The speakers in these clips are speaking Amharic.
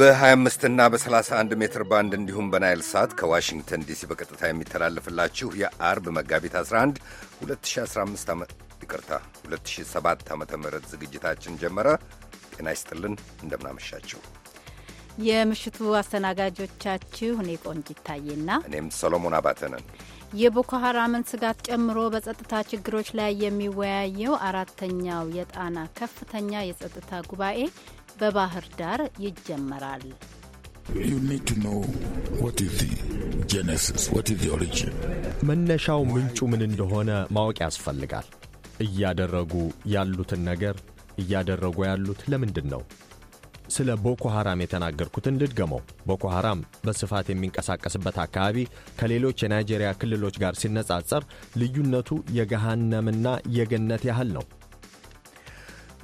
በ25 እና በ31 ሜትር ባንድ እንዲሁም በናይል ሳት ከዋሽንግተን ዲሲ በቀጥታ የሚተላለፍላችሁ የአርብ መጋቢት 11 2015 ይቅርታ 2007 ዓ ም ዝግጅታችን ጀመረ። ጤና ይስጥልን፣ እንደምናመሻችሁ። የምሽቱ አስተናጋጆቻችሁ እኔ ቆንጅ ይታየና እኔም ሰሎሞን አባተ ነን። የቦኮ ሀራምን ስጋት ጨምሮ በጸጥታ ችግሮች ላይ የሚወያየው አራተኛው የጣና ከፍተኛ የጸጥታ ጉባኤ በባህር ዳር ይጀመራል። መነሻው ምንጩ ምን እንደሆነ ማወቅ ያስፈልጋል። እያደረጉ ያሉትን ነገር እያደረጉ ያሉት ለምንድን ነው? ስለ ቦኮ ሐራም የተናገርኩትን ልድገመው። ቦኮ ሐራም በስፋት የሚንቀሳቀስበት አካባቢ ከሌሎች የናይጄሪያ ክልሎች ጋር ሲነጻጸር ልዩነቱ የገሃነምና የገነት ያህል ነው።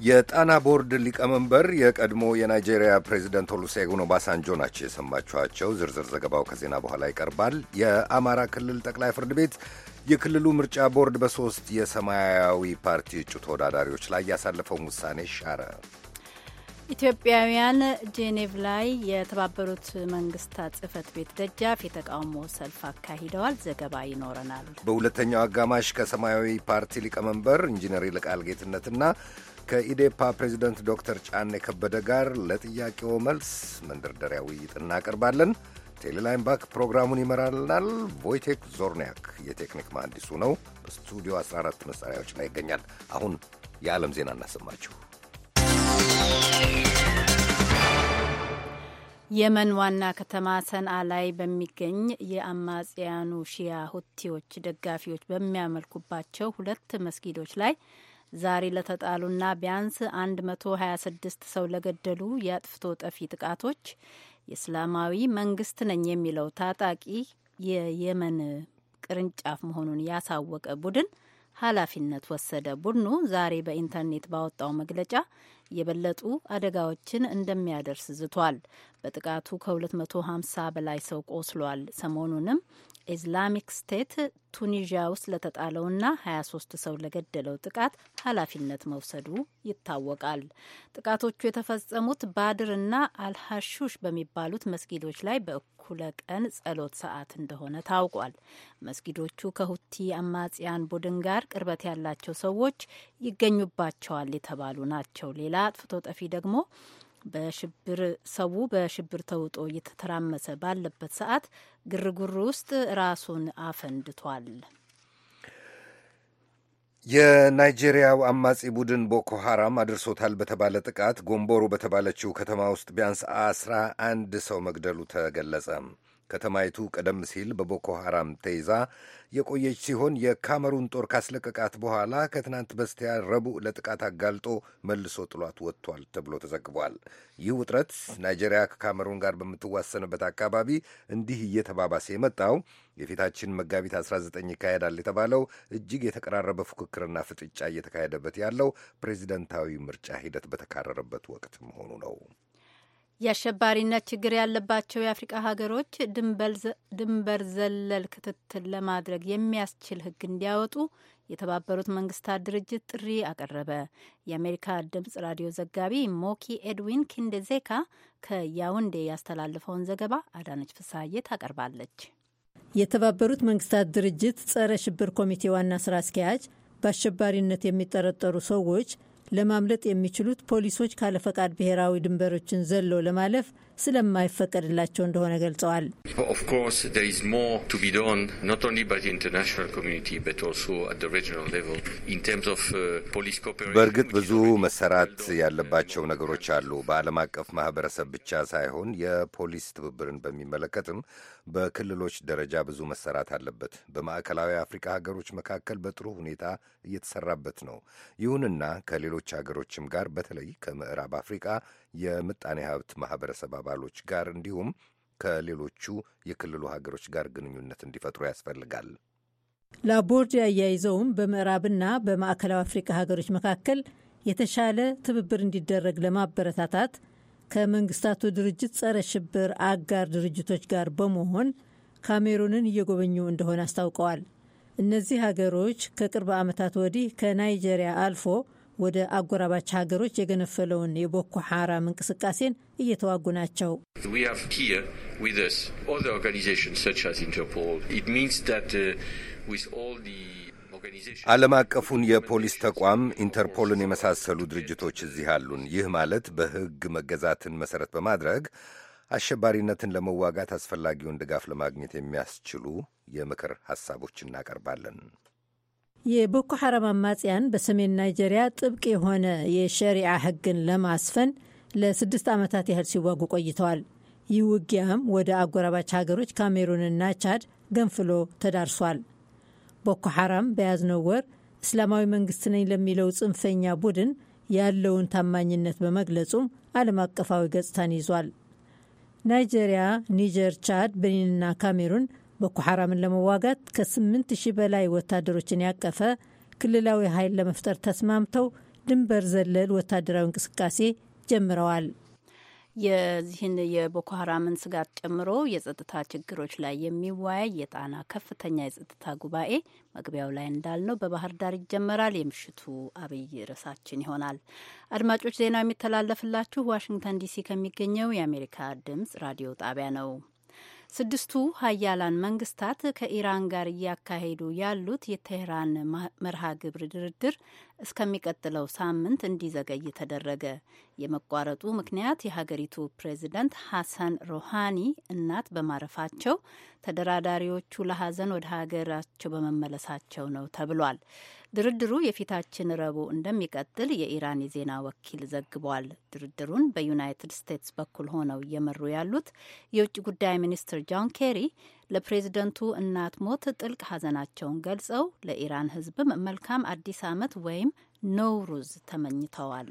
የጣና ቦርድ ሊቀመንበር የቀድሞ የናይጄሪያ ፕሬዚደንት ኦሉሴጉን ኦባሳንጆ ናቸው የሰማችኋቸው። ዝርዝር ዘገባው ከዜና በኋላ ይቀርባል። የአማራ ክልል ጠቅላይ ፍርድ ቤት የክልሉ ምርጫ ቦርድ በሦስት የሰማያዊ ፓርቲ እጩ ተወዳዳሪዎች ላይ ያሳለፈውን ውሳኔ ሻረ። ኢትዮጵያውያን ጄኔቭ ላይ የተባበሩት መንግስታት ጽህፈት ቤት ደጃፍ የተቃውሞ ሰልፍ አካሂደዋል። ዘገባ ይኖረናል። በሁለተኛው አጋማሽ ከሰማያዊ ፓርቲ ሊቀመንበር ኢንጂነር ይልቃል ጌትነትና ከኢዴፓ ፕሬዚደንት ዶክተር ጫኔ ከበደ ጋር ለጥያቄው መልስ መንደርደሪያ ውይይት እናቀርባለን። ቴሌላይን ባክ ፕሮግራሙን ይመራልናል። ቮይቴክ ዞርኒያክ የቴክኒክ መሐንዲሱ ነው። በስቱዲዮ 14 መሳሪያዎች ላይ ይገኛል። አሁን የዓለም ዜና እናሰማችሁ። የመን ዋና ከተማ ሰንአ ላይ በሚገኝ የአማጽያኑ ሺያ ሁቲዎች ደጋፊዎች በሚያመልኩባቸው ሁለት መስጊዶች ላይ ዛሬ ለተጣሉና ቢያንስ 126 ሰው ለገደሉ የአጥፍቶ ጠፊ ጥቃቶች የእስላማዊ መንግስት ነኝ የሚለው ታጣቂ የየመን ቅርንጫፍ መሆኑን ያሳወቀ ቡድን ኃላፊነት ወሰደ። ቡድኑ ዛሬ በኢንተርኔት ባወጣው መግለጫ የበለጡ አደጋዎችን እንደሚያደርስ ዝቷል። በጥቃቱ ከ250 በላይ ሰው ቆስሏል። ሰሞኑንም ኢስላሚክ ስቴት ቱኒዥያ ውስጥ ለተጣለውና 23 ሰው ለገደለው ጥቃት ኃላፊነት መውሰዱ ይታወቃል። ጥቃቶቹ የተፈጸሙት ባድርና አልሐሹሽ በሚባሉት መስጊዶች ላይ በእኩለ ቀን ጸሎት ሰዓት እንደሆነ ታውቋል። መስጊዶቹ ከሁቲ አማጽያን ቡድን ጋር ቅርበት ያላቸው ሰዎች ይገኙባቸዋል የተባሉ ናቸው። ሌላ አጥፍቶ ጠፊ ደግሞ በሽብር ሰው በሽብር ተውጦ እየተተራመሰ ባለበት ሰዓት ግርግር ውስጥ ራሱን አፈንድቷል። የናይጄሪያው አማጺ ቡድን ቦኮ ሐራም አድርሶታል በተባለ ጥቃት ጎንቦሮ በተባለችው ከተማ ውስጥ ቢያንስ አስራ አንድ ሰው መግደሉ ተገለጸ። ከተማይቱ ቀደም ሲል በቦኮ ሐራም ተይዛ የቆየች ሲሆን የካሜሩን ጦር ካስለቀቃት በኋላ ከትናንት በስቲያ ረቡዕ ለጥቃት አጋልጦ መልሶ ጥሏት ወጥቷል ተብሎ ተዘግቧል። ይህ ውጥረት ናይጄሪያ ከካሜሩን ጋር በምትዋሰንበት አካባቢ እንዲህ እየተባባሰ የመጣው የፊታችን መጋቢት 19 ይካሄዳል የተባለው እጅግ የተቀራረበ ፉክክርና ፍጥጫ እየተካሄደበት ያለው ፕሬዚደንታዊ ምርጫ ሂደት በተካረረበት ወቅት መሆኑ ነው። የአሸባሪነት ችግር ያለባቸው የአፍሪቃ ሀገሮች ድንበር ዘለል ክትትል ለማድረግ የሚያስችል ሕግ እንዲያወጡ የተባበሩት መንግስታት ድርጅት ጥሪ አቀረበ። የአሜሪካ ድምጽ ራዲዮ ዘጋቢ ሞኪ ኤድዊን ኪንደዜካ ከያውንዴ ያስተላለፈውን ዘገባ አዳነች ፍሳዬ ታቀርባለች። የተባበሩት መንግስታት ድርጅት ጸረ ሽብር ኮሚቴ ዋና ስራ አስኪያጅ በአሸባሪነት የሚጠረጠሩ ሰዎች ለማምለጥ የሚችሉት ፖሊሶች ካለፈቃድ ብሔራዊ ድንበሮችን ዘለው ለማለፍ ስለማይፈቀድላቸው እንደሆነ ገልጸዋል። uh, በእርግጥ ብዙ መሰራት ያለባቸው ነገሮች አሉ። በዓለም አቀፍ ማህበረሰብ ብቻ ሳይሆን የፖሊስ ትብብርን በሚመለከትም በክልሎች ደረጃ ብዙ መሰራት አለበት። በማዕከላዊ አፍሪካ ሀገሮች መካከል በጥሩ ሁኔታ እየተሰራበት ነው። ይሁንና ከሌሎች ሀገሮችም ጋር በተለይ ከምዕራብ አፍሪካ የምጣኔ ሀብት ማህበረሰብ አባሎች ጋር እንዲሁም ከሌሎቹ የክልሉ ሀገሮች ጋር ግንኙነት እንዲፈጥሩ ያስፈልጋል። ላቦርድ አያይዘውም በምዕራብና በማዕከላዊ አፍሪካ ሀገሮች መካከል የተሻለ ትብብር እንዲደረግ ለማበረታታት ከመንግስታቱ ድርጅት ጸረ ሽብር አጋር ድርጅቶች ጋር በመሆን ካሜሩንን እየጎበኙ እንደሆነ አስታውቀዋል። እነዚህ ሀገሮች ከቅርብ ዓመታት ወዲህ ከናይጄሪያ አልፎ ወደ አጎራባች ሀገሮች የገነፈለውን የቦኮ ሐራም እንቅስቃሴን እየተዋጉ ናቸው። uh, ዓለም አቀፉን የፖሊስ ተቋም ኢንተርፖልን የመሳሰሉ ድርጅቶች እዚህ አሉን። ይህ ማለት በሕግ መገዛትን መሠረት በማድረግ አሸባሪነትን ለመዋጋት አስፈላጊውን ድጋፍ ለማግኘት የሚያስችሉ የምክር ሐሳቦች እናቀርባለን። የቦኮ ሐራም አማጽያን በሰሜን ናይጄሪያ ጥብቅ የሆነ የሸሪዓ ሕግን ለማስፈን ለስድስት ዓመታት ያህል ሲዋጉ ቆይተዋል። ይህ ውጊያም ወደ አጎራባች ሀገሮች ካሜሩንና ቻድ ገንፍሎ ተዳርሷል። ቦኮ ሐራም በያዝነው ወር እስላማዊ መንግስት ነኝ ለሚለው ጽንፈኛ ቡድን ያለውን ታማኝነት በመግለጹም ዓለም አቀፋዊ ገጽታን ይዟል። ናይጄሪያ፣ ኒጀር፣ ቻድ፣ ቤኒንና ካሜሩን ቦኮ ሐራምን ለመዋጋት ከ8000 በላይ ወታደሮችን ያቀፈ ክልላዊ ኃይል ለመፍጠር ተስማምተው ድንበር ዘለል ወታደራዊ እንቅስቃሴ ጀምረዋል። የዚህን የቦኮ ሀራምን ስጋት ጨምሮ የጸጥታ ችግሮች ላይ የሚወያይ የጣና ከፍተኛ የጸጥታ ጉባኤ መግቢያው ላይ እንዳልነው በባህር ዳር ይጀመራል። የምሽቱ አብይ ርዕሳችን ይሆናል። አድማጮች፣ ዜናው የሚተላለፍላችሁ ዋሽንግተን ዲሲ ከሚገኘው የአሜሪካ ድምጽ ራዲዮ ጣቢያ ነው። ስድስቱ ሀያላን መንግስታት ከኢራን ጋር እያካሄዱ ያሉት የቴህራን መርሃ ግብር ድርድር እስከሚቀጥለው ሳምንት እንዲዘገይ ተደረገ። የመቋረጡ ምክንያት የሀገሪቱ ፕሬዚደንት ሀሰን ሮሃኒ እናት በማረፋቸው ተደራዳሪዎቹ ለሀዘን ወደ ሀገራቸው በመመለሳቸው ነው ተብሏል። ድርድሩ የፊታችን ረቡዕ እንደሚቀጥል የኢራን የዜና ወኪል ዘግቧል። ድርድሩን በዩናይትድ ስቴትስ በኩል ሆነው እየመሩ ያሉት የውጭ ጉዳይ ሚኒስትር ጆን ኬሪ ለፕሬዝደንቱ እናት ሞት ጥልቅ ሐዘናቸውን ገልጸው ለኢራን ህዝብ መልካም አዲስ ዓመት ወይም ኖውሩዝ ተመኝተዋል።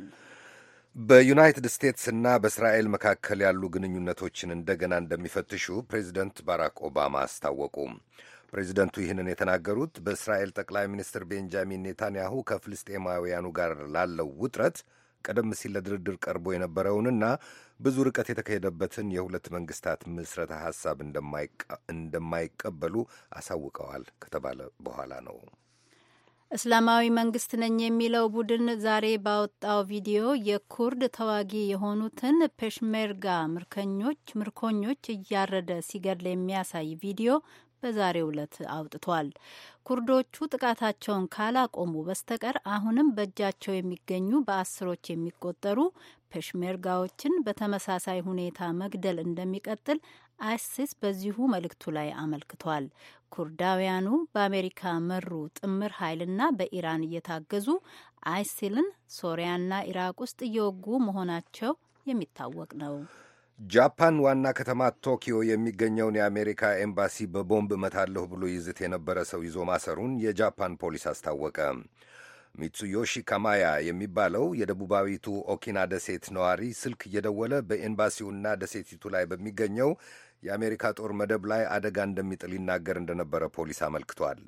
በዩናይትድ እና በእስራኤል መካከል ያሉ ግንኙነቶችን እንደገና እንደሚፈትሹ ፕሬዚደንት ባራክ ኦባማ አስታወቁ። ፕሬዚደንቱ ይህንን የተናገሩት በእስራኤል ጠቅላይ ሚኒስትር ቤንጃሚን ኔታንያሁ ከፍልስጤማውያኑ ጋር ላለው ውጥረት ቀደም ሲል ለድርድር ቀርቦ የነበረውንና ብዙ ርቀት የተካሄደበትን የሁለት መንግስታት ምስረታ ሀሳብ እንደማይቀበሉ አሳውቀዋል ከተባለ በኋላ ነው። እስላማዊ መንግስት ነኝ የሚለው ቡድን ዛሬ ባወጣው ቪዲዮ የኩርድ ተዋጊ የሆኑትን ፔሽሜርጋ ምርኮኞች ምርኮኞች እያረደ ሲገድል የሚያሳይ ቪዲዮ በዛሬው ዕለት አውጥቷል። ኩርዶቹ ጥቃታቸውን ካላቆሙ በስተቀር አሁንም በእጃቸው የሚገኙ በአስሮች የሚቆጠሩ ፔሽሜርጋዎችን በተመሳሳይ ሁኔታ መግደል እንደሚቀጥል አይሲስ በዚሁ መልእክቱ ላይ አመልክቷል። ኩርዳውያኑ በአሜሪካ መሩ ጥምር ኃይልና በኢራን እየታገዙ አይሲልን ሶሪያና ኢራቅ ውስጥ እየወጉ መሆናቸው የሚታወቅ ነው። ጃፓን ዋና ከተማ ቶኪዮ የሚገኘውን የአሜሪካ ኤምባሲ በቦምብ እመታለሁ ብሎ ይዝት የነበረ ሰው ይዞ ማሰሩን የጃፓን ፖሊስ አስታወቀ። ሚትሱዮሺ ካማያ የሚባለው የደቡባዊቱ ኦኪና ደሴት ነዋሪ ስልክ እየደወለ በኤምባሲውና ደሴቲቱ ላይ በሚገኘው የአሜሪካ ጦር መደብ ላይ አደጋ እንደሚጥል ይናገር እንደነበረ ፖሊስ አመልክቷል።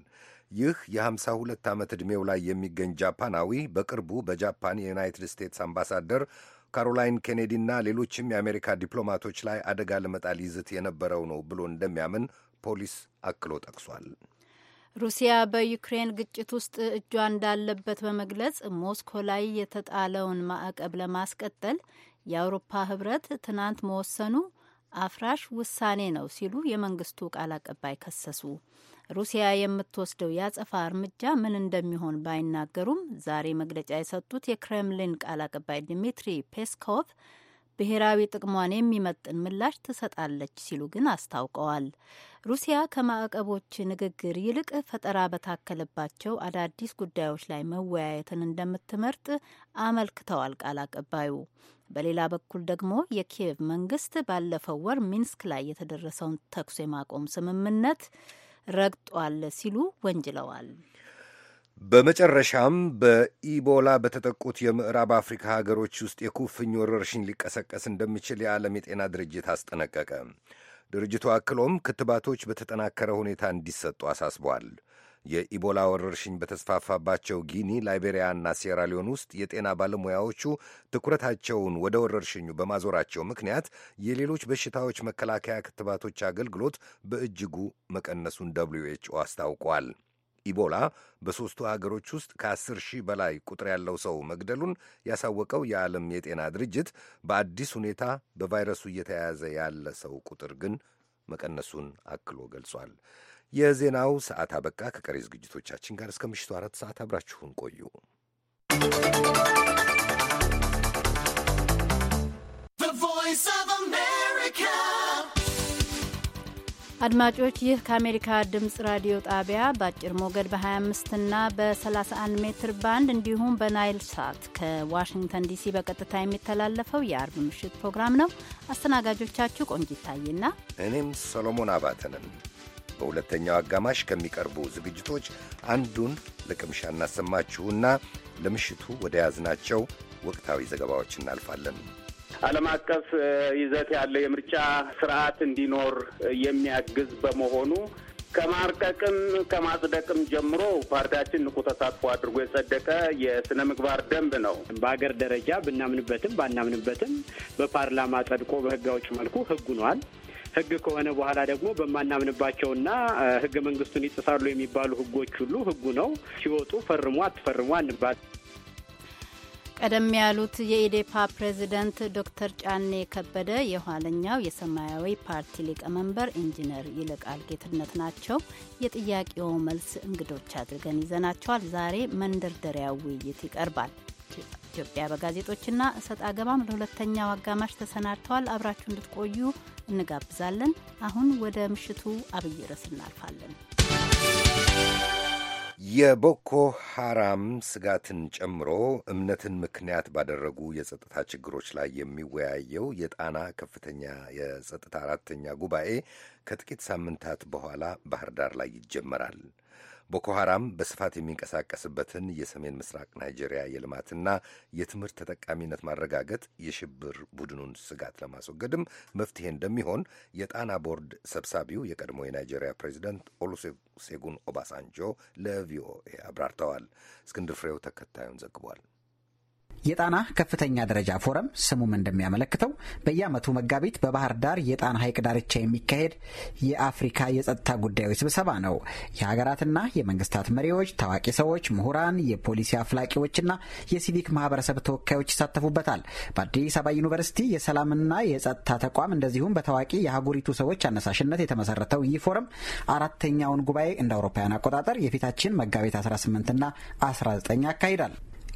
ይህ የ52 ዓመት ዕድሜው ላይ የሚገኝ ጃፓናዊ በቅርቡ በጃፓን የዩናይትድ ስቴትስ አምባሳደር ካሮላይን ኬኔዲ እና ሌሎችም የአሜሪካ ዲፕሎማቶች ላይ አደጋ ለመጣል ይዝት የነበረው ነው ብሎ እንደሚያምን ፖሊስ አክሎ ጠቅሷል። ሩሲያ በዩክሬን ግጭት ውስጥ እጇ እንዳለበት በመግለጽ ሞስኮ ላይ የተጣለውን ማዕቀብ ለማስቀጠል የአውሮፓ ህብረት ትናንት መወሰኑ አፍራሽ ውሳኔ ነው ሲሉ የመንግስቱ ቃል አቀባይ ከሰሱ። ሩሲያ የምትወስደው የአጸፋ እርምጃ ምን እንደሚሆን ባይናገሩም ዛሬ መግለጫ የሰጡት የክሬምሊን ቃል አቀባይ ድሚትሪ ፔስኮቭ ብሔራዊ ጥቅሟን የሚመጥን ምላሽ ትሰጣለች ሲሉ ግን አስታውቀዋል። ሩሲያ ከማዕቀቦች ንግግር ይልቅ ፈጠራ በታከለባቸው አዳዲስ ጉዳዮች ላይ መወያየትን እንደምትመርጥ አመልክተዋል ቃል አቀባዩ። በሌላ በኩል ደግሞ የኪየቭ መንግስት ባለፈው ወር ሚንስክ ላይ የተደረሰውን ተኩስ የማቆም ስምምነት ረግጧል ሲሉ ወንጅለዋል። በመጨረሻም በኢቦላ በተጠቁት የምዕራብ አፍሪካ ሀገሮች ውስጥ የኩፍኝ ወረርሽኝ ሊቀሰቀስ እንደሚችል የዓለም የጤና ድርጅት አስጠነቀቀ። ድርጅቱ አክሎም ክትባቶች በተጠናከረ ሁኔታ እንዲሰጡ አሳስቧል። የኢቦላ ወረርሽኝ በተስፋፋባቸው ጊኒ፣ ላይቤሪያና ሴራሊዮን ውስጥ የጤና ባለሙያዎቹ ትኩረታቸውን ወደ ወረርሽኙ በማዞራቸው ምክንያት የሌሎች በሽታዎች መከላከያ ክትባቶች አገልግሎት በእጅጉ መቀነሱን ደብሊዩ ኤች ኦ አስታውቋል። ኢቦላ በሦስቱ ሀገሮች ውስጥ ከአስር ሺህ በላይ ቁጥር ያለው ሰው መግደሉን ያሳወቀው የዓለም የጤና ድርጅት በአዲስ ሁኔታ በቫይረሱ እየተያያዘ ያለ ሰው ቁጥር ግን መቀነሱን አክሎ ገልጿል። የዜናው ሰዓት አበቃ። ከቀሪ ዝግጅቶቻችን ጋር እስከ ምሽቱ አራት ሰዓት አብራችሁን ቆዩ። አድማጮች ይህ ከአሜሪካ ድምፅ ራዲዮ ጣቢያ በአጭር ሞገድ በ25 እና በ31 ሜትር ባንድ እንዲሁም በናይል ሳት ከዋሽንግተን ዲሲ በቀጥታ የሚተላለፈው የአርብ ምሽት ፕሮግራም ነው። አስተናጋጆቻችሁ ቆንጅ ይታይና እኔም ሰሎሞን አባተንን። በሁለተኛው አጋማሽ ከሚቀርቡ ዝግጅቶች አንዱን ለቅምሻ እናሰማችሁና ለምሽቱ ወደ ያዝናቸው ወቅታዊ ዘገባዎች እናልፋለን። ዓለም አቀፍ ይዘት ያለው የምርጫ ስርዓት እንዲኖር የሚያግዝ በመሆኑ ከማርቀቅም ከማጽደቅም ጀምሮ ፓርቲያችን ንቁ ተሳትፎ አድርጎ የጸደቀ የስነ ምግባር ደንብ ነው። በሀገር ደረጃ ብናምንበትም ባናምንበትም በፓርላማ ጸድቆ በህግ አውጭ መልኩ ህጉ ነዋል። ህግ ከሆነ በኋላ ደግሞ በማናምንባቸውና ህገ መንግስቱን ይጥሳሉ የሚባሉ ህጎች ሁሉ ህጉ ነው ሲወጡ ፈርሙ አትፈርሙ አንባል ቀደም ያሉት የኢዴፓ ፕሬዝደንት ዶክተር ጫኔ ከበደ የኋለኛው የሰማያዊ ፓርቲ ሊቀመንበር ኢንጂነር ይልቃል ጌትነት ናቸው። የጥያቄው መልስ እንግዶች አድርገን ይዘናቸዋል። ዛሬ መንደርደሪያ ውይይት ይቀርባል። ኢትዮጵያ በጋዜጦችና እሰጥ አገባም ለሁለተኛው አጋማሽ ተሰናድተዋል። አብራችሁ እንድትቆዩ እንጋብዛለን። አሁን ወደ ምሽቱ አብይ ርዕስ እናልፋለን። የቦኮ ሐራም ስጋትን ጨምሮ እምነትን ምክንያት ባደረጉ የጸጥታ ችግሮች ላይ የሚወያየው የጣና ከፍተኛ የጸጥታ አራተኛ ጉባኤ ከጥቂት ሳምንታት በኋላ ባህር ዳር ላይ ይጀመራል። ቦኮ ሐራም በስፋት የሚንቀሳቀስበትን የሰሜን ምስራቅ ናይጄሪያ የልማትና የትምህርት ተጠቃሚነት ማረጋገጥ የሽብር ቡድኑን ስጋት ለማስወገድም መፍትሄ እንደሚሆን የጣና ቦርድ ሰብሳቢው የቀድሞ የናይጄሪያ ፕሬዚደንት ኦሉሴጉን ኦባሳንጆ ለቪኦኤ አብራርተዋል። እስክንድር ፍሬው ተከታዩን ዘግቧል። የጣና ከፍተኛ ደረጃ ፎረም ስሙም እንደሚያመለክተው በየዓመቱ መጋቢት በባህር ዳር የጣና ሐይቅ ዳርቻ የሚካሄድ የአፍሪካ የጸጥታ ጉዳዮች ስብሰባ ነው። የሀገራትና የመንግስታት መሪዎች፣ ታዋቂ ሰዎች፣ ምሁራን፣ የፖሊሲ አፍላቂዎችና የሲቪክ ማህበረሰብ ተወካዮች ይሳተፉበታል። በአዲስ አበባ ዩኒቨርሲቲ የሰላምና የጸጥታ ተቋም እንደዚሁም በታዋቂ የአህጉሪቱ ሰዎች አነሳሽነት የተመሰረተው ይህ ፎረም አራተኛውን ጉባኤ እንደ አውሮፓውያን አቆጣጠር የፊታችን መጋቢት 18ና 19 ያካሂዳል።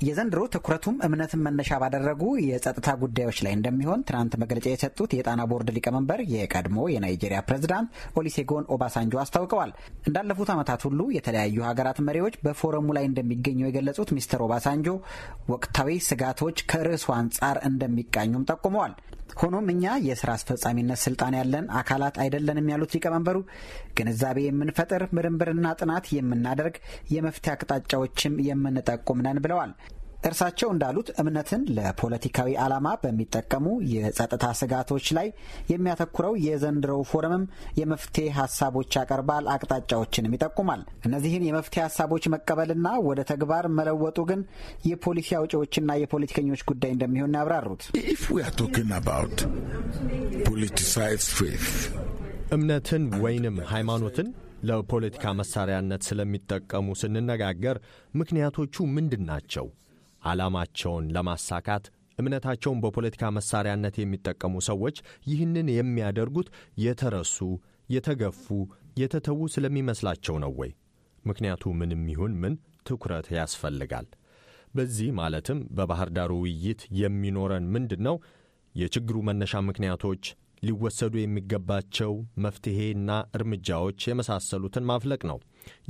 የዘንድሮ ትኩረቱም እምነትን መነሻ ባደረጉ የጸጥታ ጉዳዮች ላይ እንደሚሆን ትናንት መግለጫ የሰጡት የጣና ቦርድ ሊቀመንበር የቀድሞ የናይጄሪያ ፕሬዝዳንት ኦሊሴጎን ኦባሳንጆ አስታውቀዋል። እንዳለፉት ዓመታት ሁሉ የተለያዩ ሀገራት መሪዎች በፎረሙ ላይ እንደሚገኙ የገለጹት ሚስተር ኦባሳንጆ ወቅታዊ ስጋቶች ከርዕሱ አንጻር እንደሚቃኙም ጠቁመዋል። ሆኖም እኛ የስራ አስፈጻሚነት ስልጣን ያለን አካላት አይደለንም ያሉት ሊቀመንበሩ ግንዛቤ የምንፈጥር ምርምርና ጥናት የምናደርግ የመፍትሄ አቅጣጫዎችም የምንጠቁም ነን ብለዋል። እርሳቸው እንዳሉት እምነትን ለፖለቲካዊ ዓላማ በሚጠቀሙ የጸጥታ ስጋቶች ላይ የሚያተኩረው የዘንድሮው ፎረምም የመፍትሄ ሀሳቦች ያቀርባል፣ አቅጣጫዎችንም ይጠቁማል። እነዚህን የመፍትሄ ሀሳቦች መቀበልና ወደ ተግባር መለወጡ ግን የፖሊሲ አውጪዎችና የፖለቲከኞች ጉዳይ እንደሚሆን ያብራሩት እምነትን ወይንም ሃይማኖትን ለፖለቲካ መሳሪያነት ስለሚጠቀሙ ስንነጋገር ምክንያቶቹ ምንድን ናቸው? ዓላማቸውን ለማሳካት እምነታቸውን በፖለቲካ መሳሪያነት የሚጠቀሙ ሰዎች ይህንን የሚያደርጉት የተረሱ፣ የተገፉ፣ የተተዉ ስለሚመስላቸው ነው ወይ? ምክንያቱ ምንም ይሁን ምን ትኩረት ያስፈልጋል። በዚህ ማለትም በባህር ዳሩ ውይይት የሚኖረን ምንድን ነው? የችግሩ መነሻ ምክንያቶች፣ ሊወሰዱ የሚገባቸው መፍትሔና እርምጃዎች የመሳሰሉትን ማፍለቅ ነው።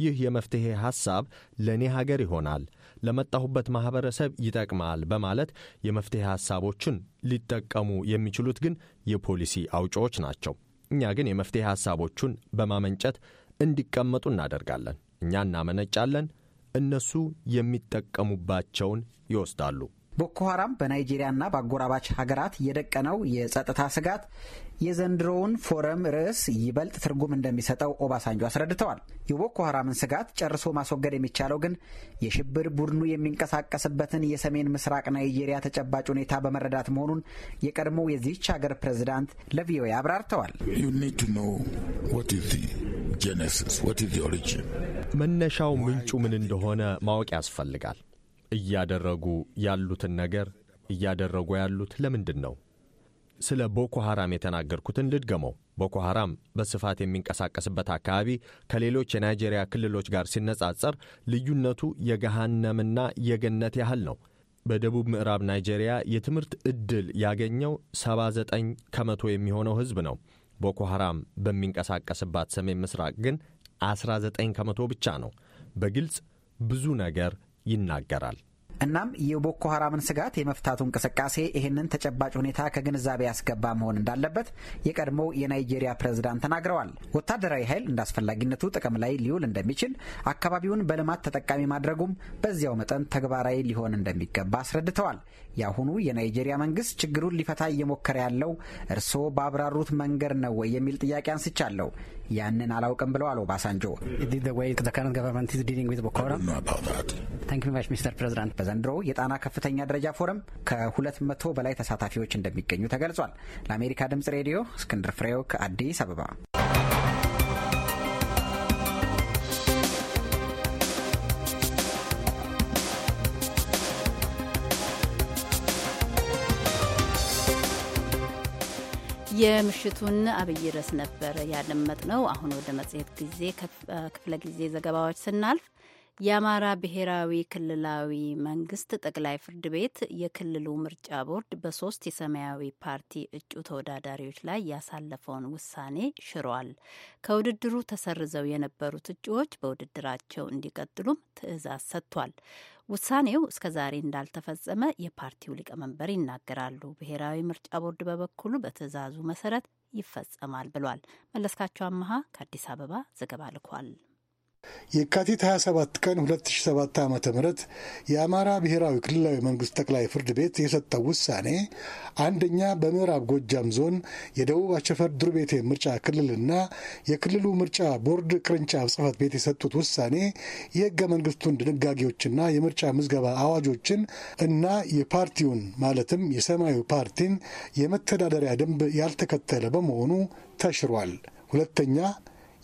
ይህ የመፍትሔ ሐሳብ ለእኔ ሀገር ይሆናል ለመጣሁበት ማህበረሰብ ይጠቅማል በማለት የመፍትሄ ሀሳቦችን ሊጠቀሙ የሚችሉት ግን የፖሊሲ አውጪዎች ናቸው። እኛ ግን የመፍትሄ ሀሳቦቹን በማመንጨት እንዲቀመጡ እናደርጋለን። እኛ እናመነጫለን፣ እነሱ የሚጠቀሙባቸውን ይወስዳሉ። ቦኮ ሀራም በናይጄሪያና በአጎራባች ሀገራት የደቀነው የጸጥታ ስጋት የዘንድሮውን ፎረም ርዕስ ይበልጥ ትርጉም እንደሚሰጠው ኦባሳንጆ አስረድተዋል። የቦኮ ሀራምን ስጋት ጨርሶ ማስወገድ የሚቻለው ግን የሽብር ቡድኑ የሚንቀሳቀስበትን የሰሜን ምስራቅ ናይጄሪያ ተጨባጭ ሁኔታ በመረዳት መሆኑን የቀድሞው የዚህች ሀገር ፕሬዝዳንት ለቪኦኤ አብራርተዋል። መነሻው ምንጩ ምን እንደሆነ ማወቅ ያስፈልጋል። እያደረጉ ያሉትን ነገር እያደረጉ ያሉት ለምንድን ነው? ስለ ቦኮ ሐራም የተናገርኩትን ልድገመው። ቦኮ ሐራም በስፋት የሚንቀሳቀስበት አካባቢ ከሌሎች የናይጄሪያ ክልሎች ጋር ሲነጻጸር ልዩነቱ የገሃነምና የገነት ያህል ነው። በደቡብ ምዕራብ ናይጄሪያ የትምህርት ዕድል ያገኘው 79 ከመቶ የሚሆነው ሕዝብ ነው። ቦኮ ሐራም በሚንቀሳቀስባት ሰሜን ምስራቅ ግን 19 ከመቶ ብቻ ነው። በግልጽ ብዙ ነገር ይናገራል። እናም የቦኮ ሀራምን ስጋት የመፍታቱ እንቅስቃሴ ይህንን ተጨባጭ ሁኔታ ከግንዛቤ ያስገባ መሆን እንዳለበት የቀድሞው የናይጄሪያ ፕሬዝዳንት ተናግረዋል። ወታደራዊ ኃይል አስፈላጊነቱ ጥቅም ላይ ሊውል እንደሚችል፣ አካባቢውን በልማት ተጠቃሚ ማድረጉም በዚያው መጠን ተግባራዊ ሊሆን እንደሚገባ አስረድተዋል። የአሁኑ የናይጄሪያ መንግስት ችግሩን ሊፈታ እየሞከረ ያለው እርስዎ ባብራሩት መንገድ ነው ወይ የሚል ጥያቄ አንስቻለሁ። ያንን አላውቅም ብለዋል ኦባሳንጆ። በዘንድሮ የጣና ከፍተኛ ደረጃ ፎረም ከሁለት መቶ በላይ ተሳታፊዎች እንደሚገኙ ተገልጿል። ለአሜሪካ ድምጽ ሬዲዮ እስክንድር ፍሬው ከአዲስ አበባ የምሽቱን አብይ ርዕስ ነበር ያደመጥነው። አሁን ወደ መጽሔት ጊዜ ክፍለ ጊዜ ዘገባዎች ስናልፍ የአማራ ብሔራዊ ክልላዊ መንግስት ጠቅላይ ፍርድ ቤት የክልሉ ምርጫ ቦርድ በሶስት የሰማያዊ ፓርቲ እጩ ተወዳዳሪዎች ላይ ያሳለፈውን ውሳኔ ሽሯል። ከውድድሩ ተሰርዘው የነበሩት እጩዎች በውድድራቸው እንዲቀጥሉም ትዕዛዝ ሰጥቷል። ውሳኔው እስከ ዛሬ እንዳልተፈጸመ የፓርቲው ሊቀመንበር ይናገራሉ። ብሔራዊ ምርጫ ቦርድ በበኩሉ በትዕዛዙ መሰረት ይፈጸማል ብሏል። መለስካቸው አመሃ ከአዲስ አበባ ዘገባ ልኳል። የካቲት 27 ቀን 2007 ዓ ም የአማራ ብሔራዊ ክልላዊ መንግስት ጠቅላይ ፍርድ ቤት የሰጠው ውሳኔ አንደኛ በምዕራብ ጎጃም ዞን የደቡብ አቸፈር ዱር ቤቴ ምርጫ ክልልና የክልሉ ምርጫ ቦርድ ቅርንጫፍ ጽህፈት ቤት የሰጡት ውሳኔ የህገ መንግሥቱን ድንጋጌዎችና የምርጫ ምዝገባ አዋጆችን እና የፓርቲውን ማለትም የሰማያዊ ፓርቲን የመተዳደሪያ ደንብ ያልተከተለ በመሆኑ ተሽሯል። ሁለተኛ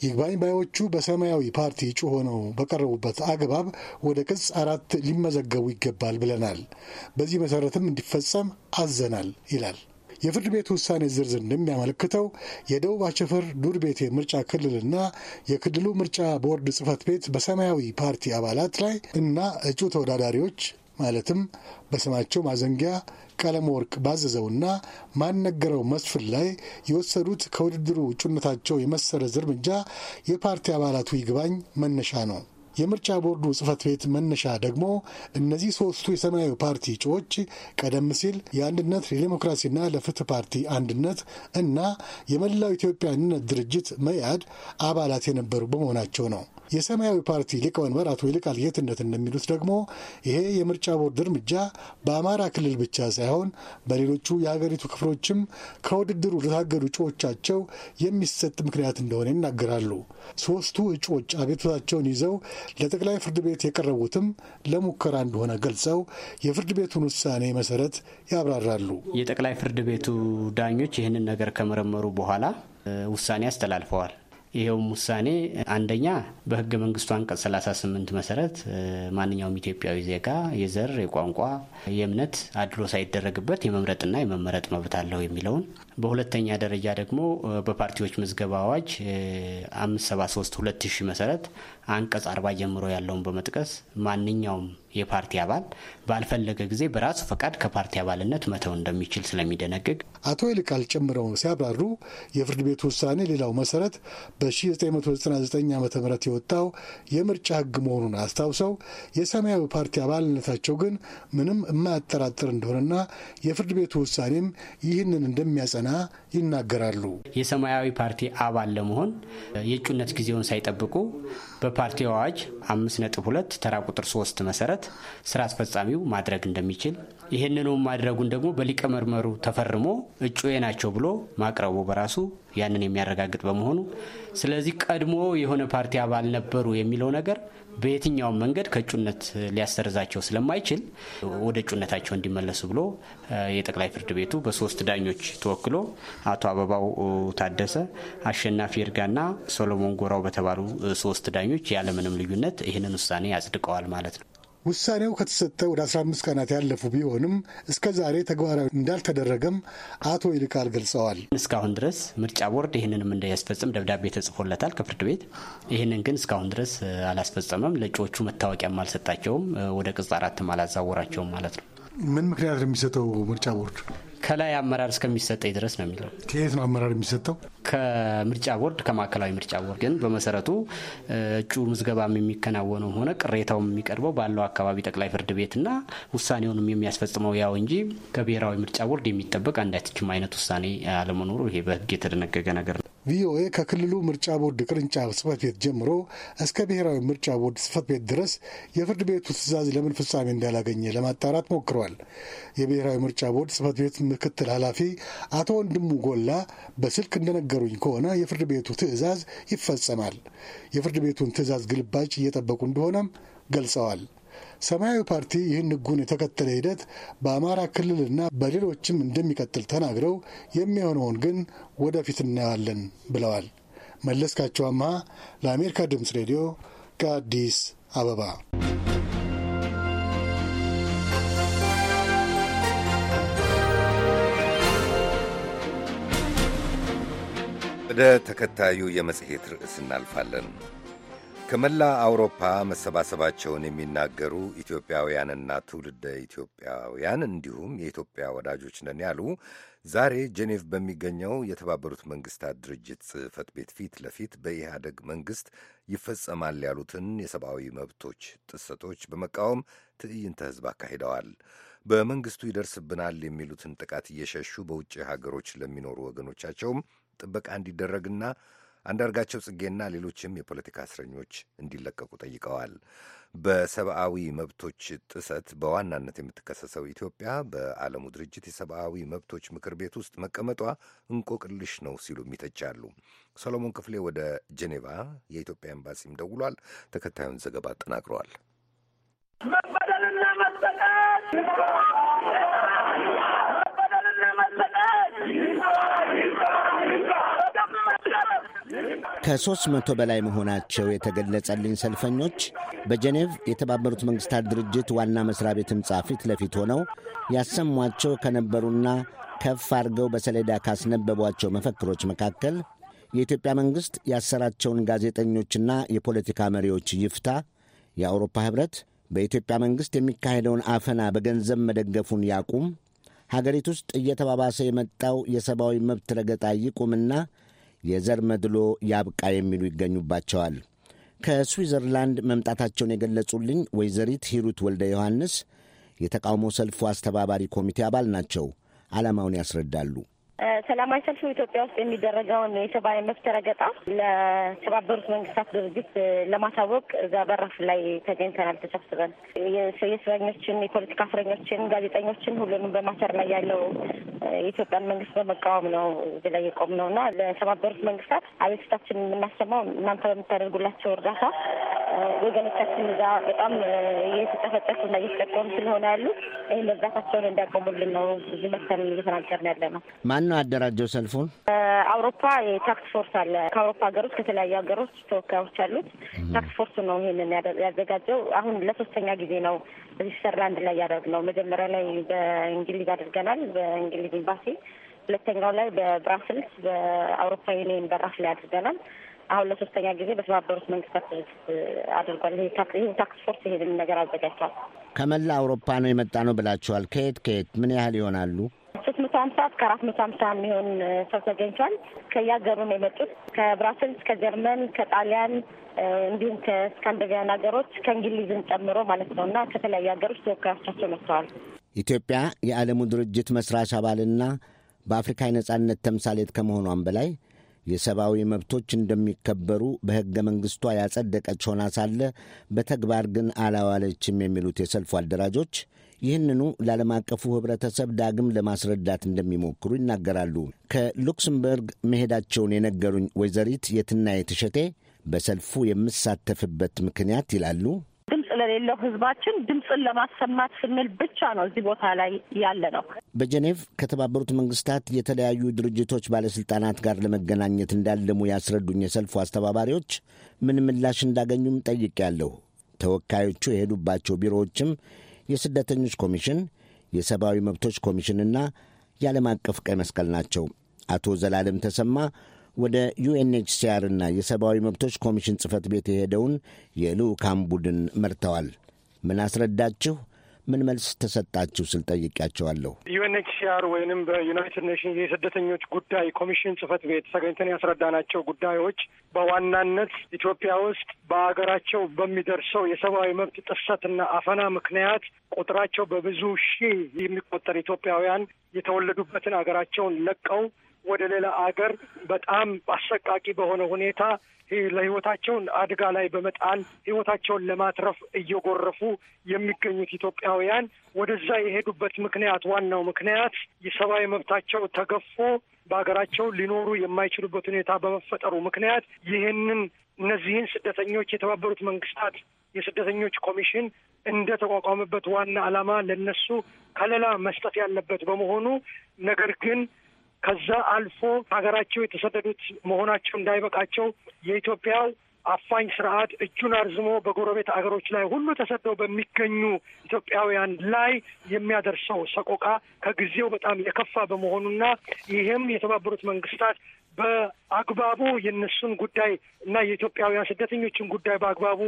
ይግባኝ ባዮቹ በሰማያዊ ፓርቲ እጩ ሆነው በቀረቡበት አግባብ ወደ ቅጽ አራት ሊመዘገቡ ይገባል ብለናል። በዚህ መሰረትም እንዲፈጸም አዘናል ይላል። የፍርድ ቤት ውሳኔ ዝርዝር እንደሚያመለክተው የደቡብ አቸፈር ዱር ቤቴ ምርጫ ክልልና የክልሉ ምርጫ ቦርድ ጽህፈት ቤት በሰማያዊ ፓርቲ አባላት ላይ እና እጩ ተወዳዳሪዎች ማለትም በስማቸው ማዘንጊያ ወርቅ ባዘዘውና ማነገረው መስፍን ላይ የወሰዱት ከውድድሩ እጩነታቸው የመሰረዝ እርምጃ የፓርቲ አባላቱ ይግባኝ መነሻ ነው። የምርጫ ቦርዱ ጽህፈት ቤት መነሻ ደግሞ እነዚህ ሶስቱ የሰማያዊ ፓርቲ እጩዎች ቀደም ሲል የአንድነት ለዴሞክራሲና ለፍትህ ፓርቲ አንድነት እና የመላው ኢትዮጵያ አንድነት ድርጅት መኢአድ አባላት የነበሩ በመሆናቸው ነው። የሰማያዊ ፓርቲ ሊቀመንበር አቶ ይልቃል ጌትነት እንደሚሉት ደግሞ ይሄ የምርጫ ቦርድ እርምጃ በአማራ ክልል ብቻ ሳይሆን በሌሎቹ የሀገሪቱ ክፍሎችም ከውድድሩ ለታገዱ እጩዎቻቸው የሚሰጥ ምክንያት እንደሆነ ይናገራሉ። ሶስቱ እጩዎች አቤቱታቸውን ይዘው ለጠቅላይ ፍርድ ቤት የቀረቡትም ለሙከራ እንደሆነ ገልጸው የፍርድ ቤቱን ውሳኔ መሰረት ያብራራሉ። የጠቅላይ ፍርድ ቤቱ ዳኞች ይህንን ነገር ከመረመሩ በኋላ ውሳኔ አስተላልፈዋል። ይኸውም ውሳኔ አንደኛ በህገ መንግስቱ አንቀጽ 38 መሰረት ማንኛውም ኢትዮጵያዊ ዜጋ የዘር፣ የቋንቋ፣ የእምነት አድሎ ሳይደረግበት የመምረጥና የመመረጥ መብት አለው የሚለውን በሁለተኛ ደረጃ ደግሞ በፓርቲዎች ምዝገባ አዋጅ 573 2000 መሰረት አንቀጽ አርባ ጀምሮ ያለውን በመጥቀስ ማንኛውም የፓርቲ አባል ባልፈለገ ጊዜ በራሱ ፈቃድ ከፓርቲ አባልነት መተው እንደሚችል ስለሚደነግግ አቶ ይልቃል ጨምረው ሲያብራሩ የፍርድ ቤት ውሳኔ ሌላው መሰረት በ1999 ዓ ም የወጣው የምርጫ ህግ መሆኑን አስታውሰው የሰማያዊ ፓርቲ አባልነታቸው ግን ምንም የማያጠራጥር እንደሆነና የፍርድ ቤቱ ውሳኔም ይህንን እንደሚያጸና ይናገራሉ። የሰማያዊ ፓርቲ አባል ለመሆን የእጩነት ጊዜውን ሳይጠብቁ ፓርቲ አዋጅ ሁለት ተራ ቁጥር ሶስት መሰረት ስራ አስፈጻሚው ማድረግ እንደሚችል ይህንኑ ማድረጉን ደግሞ በሊቀመርመሩ ተፈርሞ እጩዬ ናቸው ብሎ ማቅረቡ በራሱ ያንን የሚያረጋግጥ በመሆኑ ስለዚህ ቀድሞ የሆነ ፓርቲ አባል ነበሩ የሚለው ነገር በየትኛውም መንገድ ከእጩነት ሊያሰርዛቸው ስለማይችል ወደ እጩነታቸው እንዲመለሱ ብሎ የጠቅላይ ፍርድ ቤቱ በሶስት ዳኞች ተወክሎ አቶ አበባው ታደሰ፣ አሸናፊ እርጋና፣ ሶሎሞን ጎራው በተባሉ ሶስት ዳኞች ያለምንም ልዩነት ይህንን ውሳኔ አጽድቀዋል ማለት ነው። ውሳኔው ከተሰጠ ወደ 15 ቀናት ያለፉ ቢሆንም እስከ ዛሬ ተግባራዊ እንዳልተደረገም አቶ ይልቃል ገልጸዋል። እስካሁን ድረስ ምርጫ ቦርድ ይህንንም እንዳያስፈጽም ደብዳቤ ተጽፎለታል ከፍርድ ቤት። ይህንን ግን እስካሁን ድረስ አላስፈጸመም። ለእጩዎቹ መታወቂያም አልሰጣቸውም፣ ወደ ቅጽ አራትም አላዛወራቸውም ማለት ነው። ምን ምክንያት ነው የሚሰጠው ምርጫ ቦርድ? ከላይ አመራር እስከሚሰጠኝ ድረስ ነው የሚለው። ከየት ነው አመራር የሚሰጠው? ከምርጫ ቦርድ ከማዕከላዊ ምርጫ ቦርድ። ግን በመሰረቱ እጩ ምዝገባም የሚከናወነው ሆነ ቅሬታውም የሚቀርበው ባለው አካባቢ ጠቅላይ ፍርድ ቤትና ውሳኔውንም የሚያስፈጽመው ያው እንጂ ከብሔራዊ ምርጫ ቦርድ የሚጠበቅ አንዳችም አይነት ውሳኔ አለመኖሩ ይሄ በህግ የተደነገገ ነገር ነው። ቪኦኤ ከክልሉ ምርጫ ቦርድ ቅርንጫፍ ጽህፈት ቤት ጀምሮ እስከ ብሔራዊ ምርጫ ቦርድ ጽህፈት ቤት ድረስ የፍርድ ቤቱ ትዕዛዝ ለምን ፍጻሜ እንዳላገኘ ለማጣራት ሞክረዋል። የብሔራዊ ምርጫ ቦርድ ጽህፈት ቤት ምክትል ኃላፊ አቶ ወንድሙ ጎላ በስልክ እንደነገሩኝ ከሆነ የፍርድ ቤቱ ትዕዛዝ ይፈጸማል። የፍርድ ቤቱን ትዕዛዝ ግልባጭ እየጠበቁ እንደሆነም ገልጸዋል። ሰማያዊ ፓርቲ ይህን ህጉን የተከተለ ሂደት በአማራ ክልልና በሌሎችም እንደሚቀጥል ተናግረው የሚሆነውን ግን ወደፊት እናየዋለን ብለዋል። መለስካቸው አምሃ ለአሜሪካ ድምፅ ሬዲዮ ከአዲስ አበባ። ወደ ተከታዩ የመጽሔት ርዕስ እናልፋለን። ከመላ አውሮፓ መሰባሰባቸውን የሚናገሩ ኢትዮጵያውያንና ትውልደ ኢትዮጵያውያን እንዲሁም የኢትዮጵያ ወዳጆች ነን ያሉ ዛሬ ጄኔቭ በሚገኘው የተባበሩት መንግስታት ድርጅት ጽህፈት ቤት ፊት ለፊት በኢህአደግ መንግስት ይፈጸማል ያሉትን የሰብአዊ መብቶች ጥሰቶች በመቃወም ትዕይንተ ህዝብ አካሂደዋል። በመንግስቱ ይደርስብናል የሚሉትን ጥቃት እየሸሹ በውጭ ሀገሮች ለሚኖሩ ወገኖቻቸውም ጥበቃ እንዲደረግና አንዳርጋቸው ጽጌና ሌሎችም የፖለቲካ እስረኞች እንዲለቀቁ ጠይቀዋል። በሰብአዊ መብቶች ጥሰት በዋናነት የምትከሰሰው ኢትዮጵያ በዓለሙ ድርጅት የሰብአዊ መብቶች ምክር ቤት ውስጥ መቀመጧ እንቆቅልሽ ነው ሲሉም ይተቻሉ። ሰሎሞን ክፍሌ ወደ ጄኔቫ የኢትዮጵያ ኤምባሲም ደውሏል። ተከታዩን ዘገባ አጠናቅረዋል። መበደልና መጠቃት ከሦስት መቶ በላይ መሆናቸው የተገለጸልኝ ሰልፈኞች በጀኔቭ የተባበሩት መንግሥታት ድርጅት ዋና መሥሪያ ቤት ሕንፃ ፊት ለፊት ሆነው ያሰሟቸው ከነበሩና ከፍ አድርገው በሰሌዳ ካስነበቧቸው መፈክሮች መካከል የኢትዮጵያ መንግሥት ያሰራቸውን ጋዜጠኞችና የፖለቲካ መሪዎች ይፍታ፣ የአውሮፓ ኅብረት በኢትዮጵያ መንግሥት የሚካሄደውን አፈና በገንዘብ መደገፉን ያቁም፣ ሀገሪቱ ውስጥ እየተባባሰ የመጣው የሰብአዊ መብት ረገጣ ይቁምና የዘር መድሎ ያብቃ የሚሉ ይገኙባቸዋል። ከስዊዘርላንድ መምጣታቸውን የገለጹልኝ ወይዘሪት ሂሩት ወልደ ዮሐንስ የተቃውሞ ሰልፉ አስተባባሪ ኮሚቴ አባል ናቸው። ዓላማውን ያስረዳሉ። ሰላማዊ ሰልፉ ኢትዮጵያ ውስጥ የሚደረገውን የሰብአዊ መብት ረገጣ ለተባበሩት መንግስታት ድርጅት ለማሳወቅ እዛ በራፍ ላይ ተገኝተናል ተሰብስበን። የእስረኞችን፣ የፖለቲካ እስረኞችን፣ ጋዜጠኞችን ሁሉንም በማሰር ላይ ያለው የኢትዮጵያን መንግስት በመቃወም ነው እዚህ ላይ የቆምነው እና ለተባበሩት መንግስታት አቤቱታችን የምናሰማው እናንተ በምታደርጉላቸው እርዳታ ወገኖቻችን እዛ በጣም እየተጨፈጨፉ እና እየተጠቀሙ ስለሆነ ያሉ ይህን እርዳታቸውን እንዲያቆሙልን ነው እዚህ መተን እየተናገርን ያለ ነው። ማን ያደራጀው ሰልፉን? አውሮፓ የታክስ ፎርስ አለ። ከአውሮፓ ሀገሮች ከተለያዩ ሀገሮች ተወካዮች አሉት። ታክስ ፎርስ ነው ይሄንን ያዘጋጀው። አሁን ለሶስተኛ ጊዜ ነው ስዊዘርላንድ ላይ ያደረግነው። መጀመሪያ ላይ በእንግሊዝ አድርገናል፣ በእንግሊዝ ኤምባሲ። ሁለተኛው ላይ በብራስልስ በአውሮፓ ዩኒየን በራስ ላይ አድርገናል። አሁን ለሶስተኛ ጊዜ በተባበሩት መንግስታት ድርጅት አድርጓል። ይህ ታክስ ፎርስ ይሄንን ነገር አዘጋጅቷል። ከመላ አውሮፓ ነው የመጣ ነው ብላችኋል። ከየት ከየት ምን ያህል ይሆናሉ? ሀምሳ እስከ አራት መቶ ሀምሳ የሚሆን ሰው ተገኝቷል። ከየሀገሩ ነው የመጡት ከብራስልስ፣ ከጀርመን፣ ከጣሊያን እንዲሁም ከስካንዲቪያን ሀገሮች ከእንግሊዝም ጨምሮ ማለት ነው እና ከተለያዩ ሀገሮች ተወካዮቻቸው መጥተዋል። ኢትዮጵያ የዓለሙ ድርጅት መስራች አባልና በአፍሪካ የነጻነት ተምሳሌት ከመሆኗም በላይ የሰብአዊ መብቶች እንደሚከበሩ በሕገ መንግሥቷ ያጸደቀች ሆና ሳለ በተግባር ግን አላዋለችም የሚሉት የሰልፉ አደራጆች ይህንኑ ለዓለም አቀፉ ህብረተሰብ ዳግም ለማስረዳት እንደሚሞክሩ ይናገራሉ። ከሉክስምበርግ መሄዳቸውን የነገሩኝ ወይዘሪት የትናየት እሸቴ በሰልፉ የምሳተፍበት ምክንያት ይላሉ ድምፅ ለሌለው ህዝባችን ድምፅን ለማሰማት ስንል ብቻ ነው እዚህ ቦታ ላይ ያለ ነው። በጀኔቭ ከተባበሩት መንግስታት የተለያዩ ድርጅቶች ባለስልጣናት ጋር ለመገናኘት እንዳለሙ ያስረዱኝ የሰልፉ አስተባባሪዎች ምን ምላሽ እንዳገኙም ጠይቄያለሁ። ተወካዮቹ የሄዱባቸው ቢሮዎችም የስደተኞች ኮሚሽን፣ የሰብአዊ መብቶች ኮሚሽንና የዓለም አቀፍ ቀይ መስቀል ናቸው። አቶ ዘላለም ተሰማ ወደ ዩኤንኤችሲአርና የሰብአዊ መብቶች ኮሚሽን ጽህፈት ቤት የሄደውን የልዑካን ቡድን መርተዋል። ምን አስረዳችሁ? ምን መልስ ተሰጣችሁ ስል ጠይቄያቸዋለሁ። ዩኤንኤችሲአር ወይንም በዩናይትድ ኔሽንስ የስደተኞች ጉዳይ ኮሚሽን ጽህፈት ቤት ተገኝተን ያስረዳናቸው ጉዳዮች በዋናነት ኢትዮጵያ ውስጥ በሀገራቸው በሚደርሰው የሰብአዊ መብት ጥሰትና አፈና ምክንያት ቁጥራቸው በብዙ ሺህ የሚቆጠር ኢትዮጵያውያን የተወለዱበትን ሀገራቸውን ለቀው ወደ ሌላ አገር በጣም አሰቃቂ በሆነ ሁኔታ ለህይወታቸውን አደጋ ላይ በመጣል ህይወታቸውን ለማትረፍ እየጎረፉ የሚገኙት ኢትዮጵያውያን ወደዛ የሄዱበት ምክንያት ዋናው ምክንያት የሰብአዊ መብታቸው ተገፎ በሀገራቸው ሊኖሩ የማይችሉበት ሁኔታ በመፈጠሩ ምክንያት ይህንን እነዚህን ስደተኞች የተባበሩት መንግስታት የስደተኞች ኮሚሽን እንደተቋቋመበት ዋና ዓላማ ለነሱ ከለላ መስጠት ያለበት በመሆኑ ነገር ግን ከዛ አልፎ ሀገራቸው የተሰደዱት መሆናቸው እንዳይበቃቸው የኢትዮጵያው አፋኝ ስርዓት እጁን አርዝሞ በጎረቤት አገሮች ላይ ሁሉ ተሰደው በሚገኙ ኢትዮጵያውያን ላይ የሚያደርሰው ሰቆቃ ከጊዜው በጣም የከፋ በመሆኑና ይህም የተባበሩት መንግስታት በአግባቡ የነሱን ጉዳይ እና የኢትዮጵያውያን ስደተኞችን ጉዳይ በአግባቡ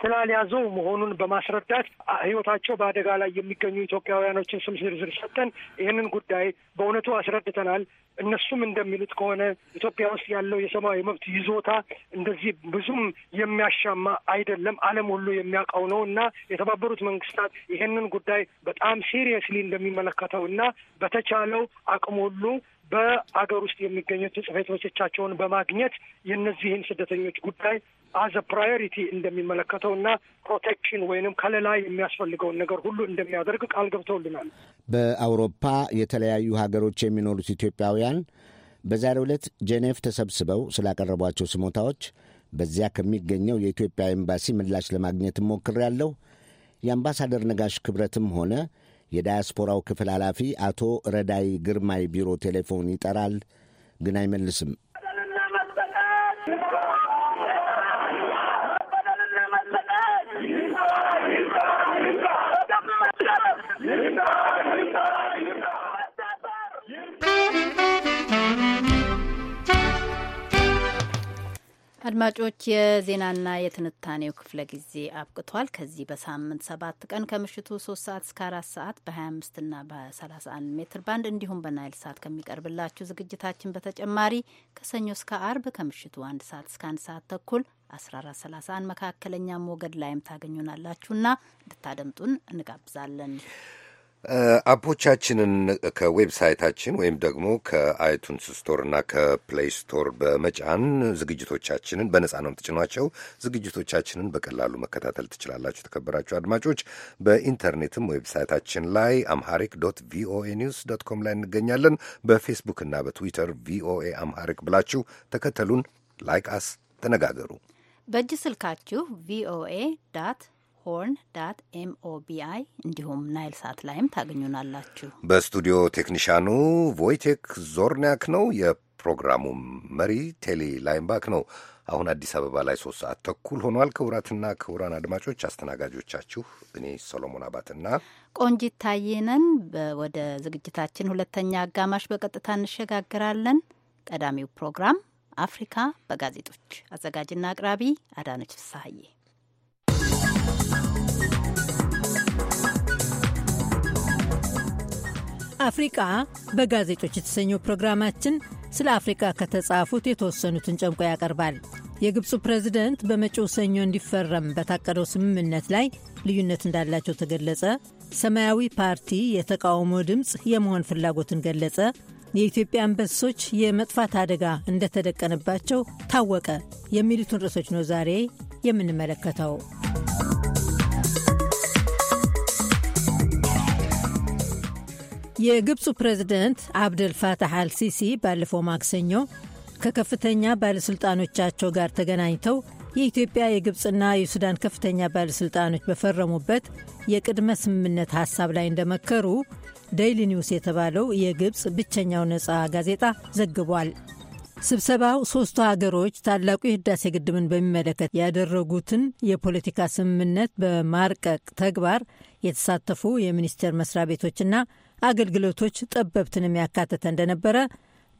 ስላልያዘው መሆኑን በማስረዳት ሕይወታቸው በአደጋ ላይ የሚገኙ ኢትዮጵያውያኖችን ስም ዝርዝር ሰጠን። ይህንን ጉዳይ በእውነቱ አስረድተናል። እነሱም እንደሚሉት ከሆነ ኢትዮጵያ ውስጥ ያለው የሰብአዊ መብት ይዞታ እንደዚህ ብዙም የሚያሻማ አይደለም፣ ዓለም ሁሉ የሚያውቀው ነው እና የተባበሩት መንግስታት ይሄንን ጉዳይ በጣም ሲሪየስሊ እንደሚመለከተው እና በተቻለው አቅም ሁሉ በአገር ውስጥ የሚገኙት ጽሕፈት ቤቶቻቸውን በማግኘት የእነዚህን ስደተኞች ጉዳይ አዘ ፕራዮሪቲ እንደሚመለከተው እና ፕሮቴክሽን ወይንም ከለላ የሚያስፈልገውን ነገር ሁሉ እንደሚያደርግ ቃል ገብተውልናል። በአውሮፓ የተለያዩ ሀገሮች የሚኖሩት ኢትዮጵያውያን በዛሬው ዕለት ጄኔቭ ተሰብስበው ስላቀረቧቸው ስሞታዎች በዚያ ከሚገኘው የኢትዮጵያ ኤምባሲ ምላሽ ለማግኘት ሞክሬያለሁ። የአምባሳደር ነጋሽ ክብረትም ሆነ የዳያስፖራው ክፍል ኃላፊ አቶ ረዳይ ግርማይ ቢሮ ቴሌፎን ይጠራል፣ ግን አይመልስም። አድማጮች የዜናና የትንታኔው ክፍለ ጊዜ አብቅቷል። ከዚህ በሳምንት ሰባት ቀን ከምሽቱ ሶስት ሰዓት እስከ አራት ሰዓት በ25 ና በ አንድ ሜትር ባንድ እንዲሁም በናይል ሳት ከሚቀርብላችሁ ዝግጅታችን በተጨማሪ ከሰኞ እስከ አርብ ከምሽቱ አንድ ሰዓት እስከ አንድ ሰዓት ተኩል አንድ መካከለኛ ሞገድ ላይም ታገኙናላችሁና እንድታደምጡን እንጋብዛለን። አፖቻችንን ከዌብሳይታችን ወይም ደግሞ ከአይቱንስ ስቶርና ከፕሌይ ስቶር በመጫን ዝግጅቶቻችንን በነጻ ነው የምትጭኗቸው። ዝግጅቶቻችንን በቀላሉ መከታተል ትችላላችሁ። የተከበራችሁ አድማጮች፣ በኢንተርኔትም ዌብሳይታችን ላይ አምሃሪክ ዶት ቪኦኤ ኒውስ ዶት ኮም ላይ እንገኛለን። እና በትዊተር ቪኦኤ አምሃሪክ ብላችሁ ተከተሉን። ላይክ አስ፣ ተነጋገሩ። በእጅ ስልካችሁ ቪኦኤ ዳት ሆርን ዳት ኤምኦቢአይ እንዲሁም ናይል ሳት ላይም ታገኙናላችሁ። በስቱዲዮ ቴክኒሻኑ ቮይቴክ ዞርኒያክ ነው። የፕሮግራሙ መሪ ቴሌ ላይምባክ ነው። አሁን አዲስ አበባ ላይ ሶስት ሰዓት ተኩል ሆኗል። ክቡራትና ክቡራን አድማጮች አስተናጋጆቻችሁ እኔ ሰሎሞን አባትና ቆንጂት ታየነን። ወደ ዝግጅታችን ሁለተኛ አጋማሽ በቀጥታ እንሸጋግራለን። ቀዳሚው ፕሮግራም አፍሪካ በጋዜጦች አዘጋጅና አቅራቢ አዳነች ፍሳሐዬ አፍሪቃ በጋዜጦች የተሰኘው ፕሮግራማችን ስለ አፍሪካ ከተጻፉት የተወሰኑትን ጨምቆ ያቀርባል። የግብፁ ፕሬዝደንት በመጪው ሰኞ እንዲፈረም በታቀደው ስምምነት ላይ ልዩነት እንዳላቸው ተገለጸ። ሰማያዊ ፓርቲ የተቃውሞ ድምፅ የመሆን ፍላጎትን ገለጸ። የኢትዮጵያ አንበሶች የመጥፋት አደጋ እንደተደቀነባቸው ታወቀ። የሚሉትን ርዕሶች ነው ዛሬ የምንመለከተው። የግብፁ ፕሬዝደንት አብደል ፋታህ አልሲሲ ባለፈው ማክሰኞ ከከፍተኛ ባለሥልጣኖቻቸው ጋር ተገናኝተው የኢትዮጵያ የግብፅና የሱዳን ከፍተኛ ባለሥልጣኖች በፈረሙበት የቅድመ ስምምነት ሐሳብ ላይ እንደመከሩ ዴይሊ ኒውስ የተባለው የግብፅ ብቸኛው ነፃ ጋዜጣ ዘግቧል። ስብሰባው ሦስቱ አገሮች ታላቁ የህዳሴ ግድብን በሚመለከት ያደረጉትን የፖለቲካ ስምምነት በማርቀቅ ተግባር የተሳተፉ የሚኒስቴር መስሪያ ቤቶችና አገልግሎቶች ጠበብትንም ያካተተ እንደነበረ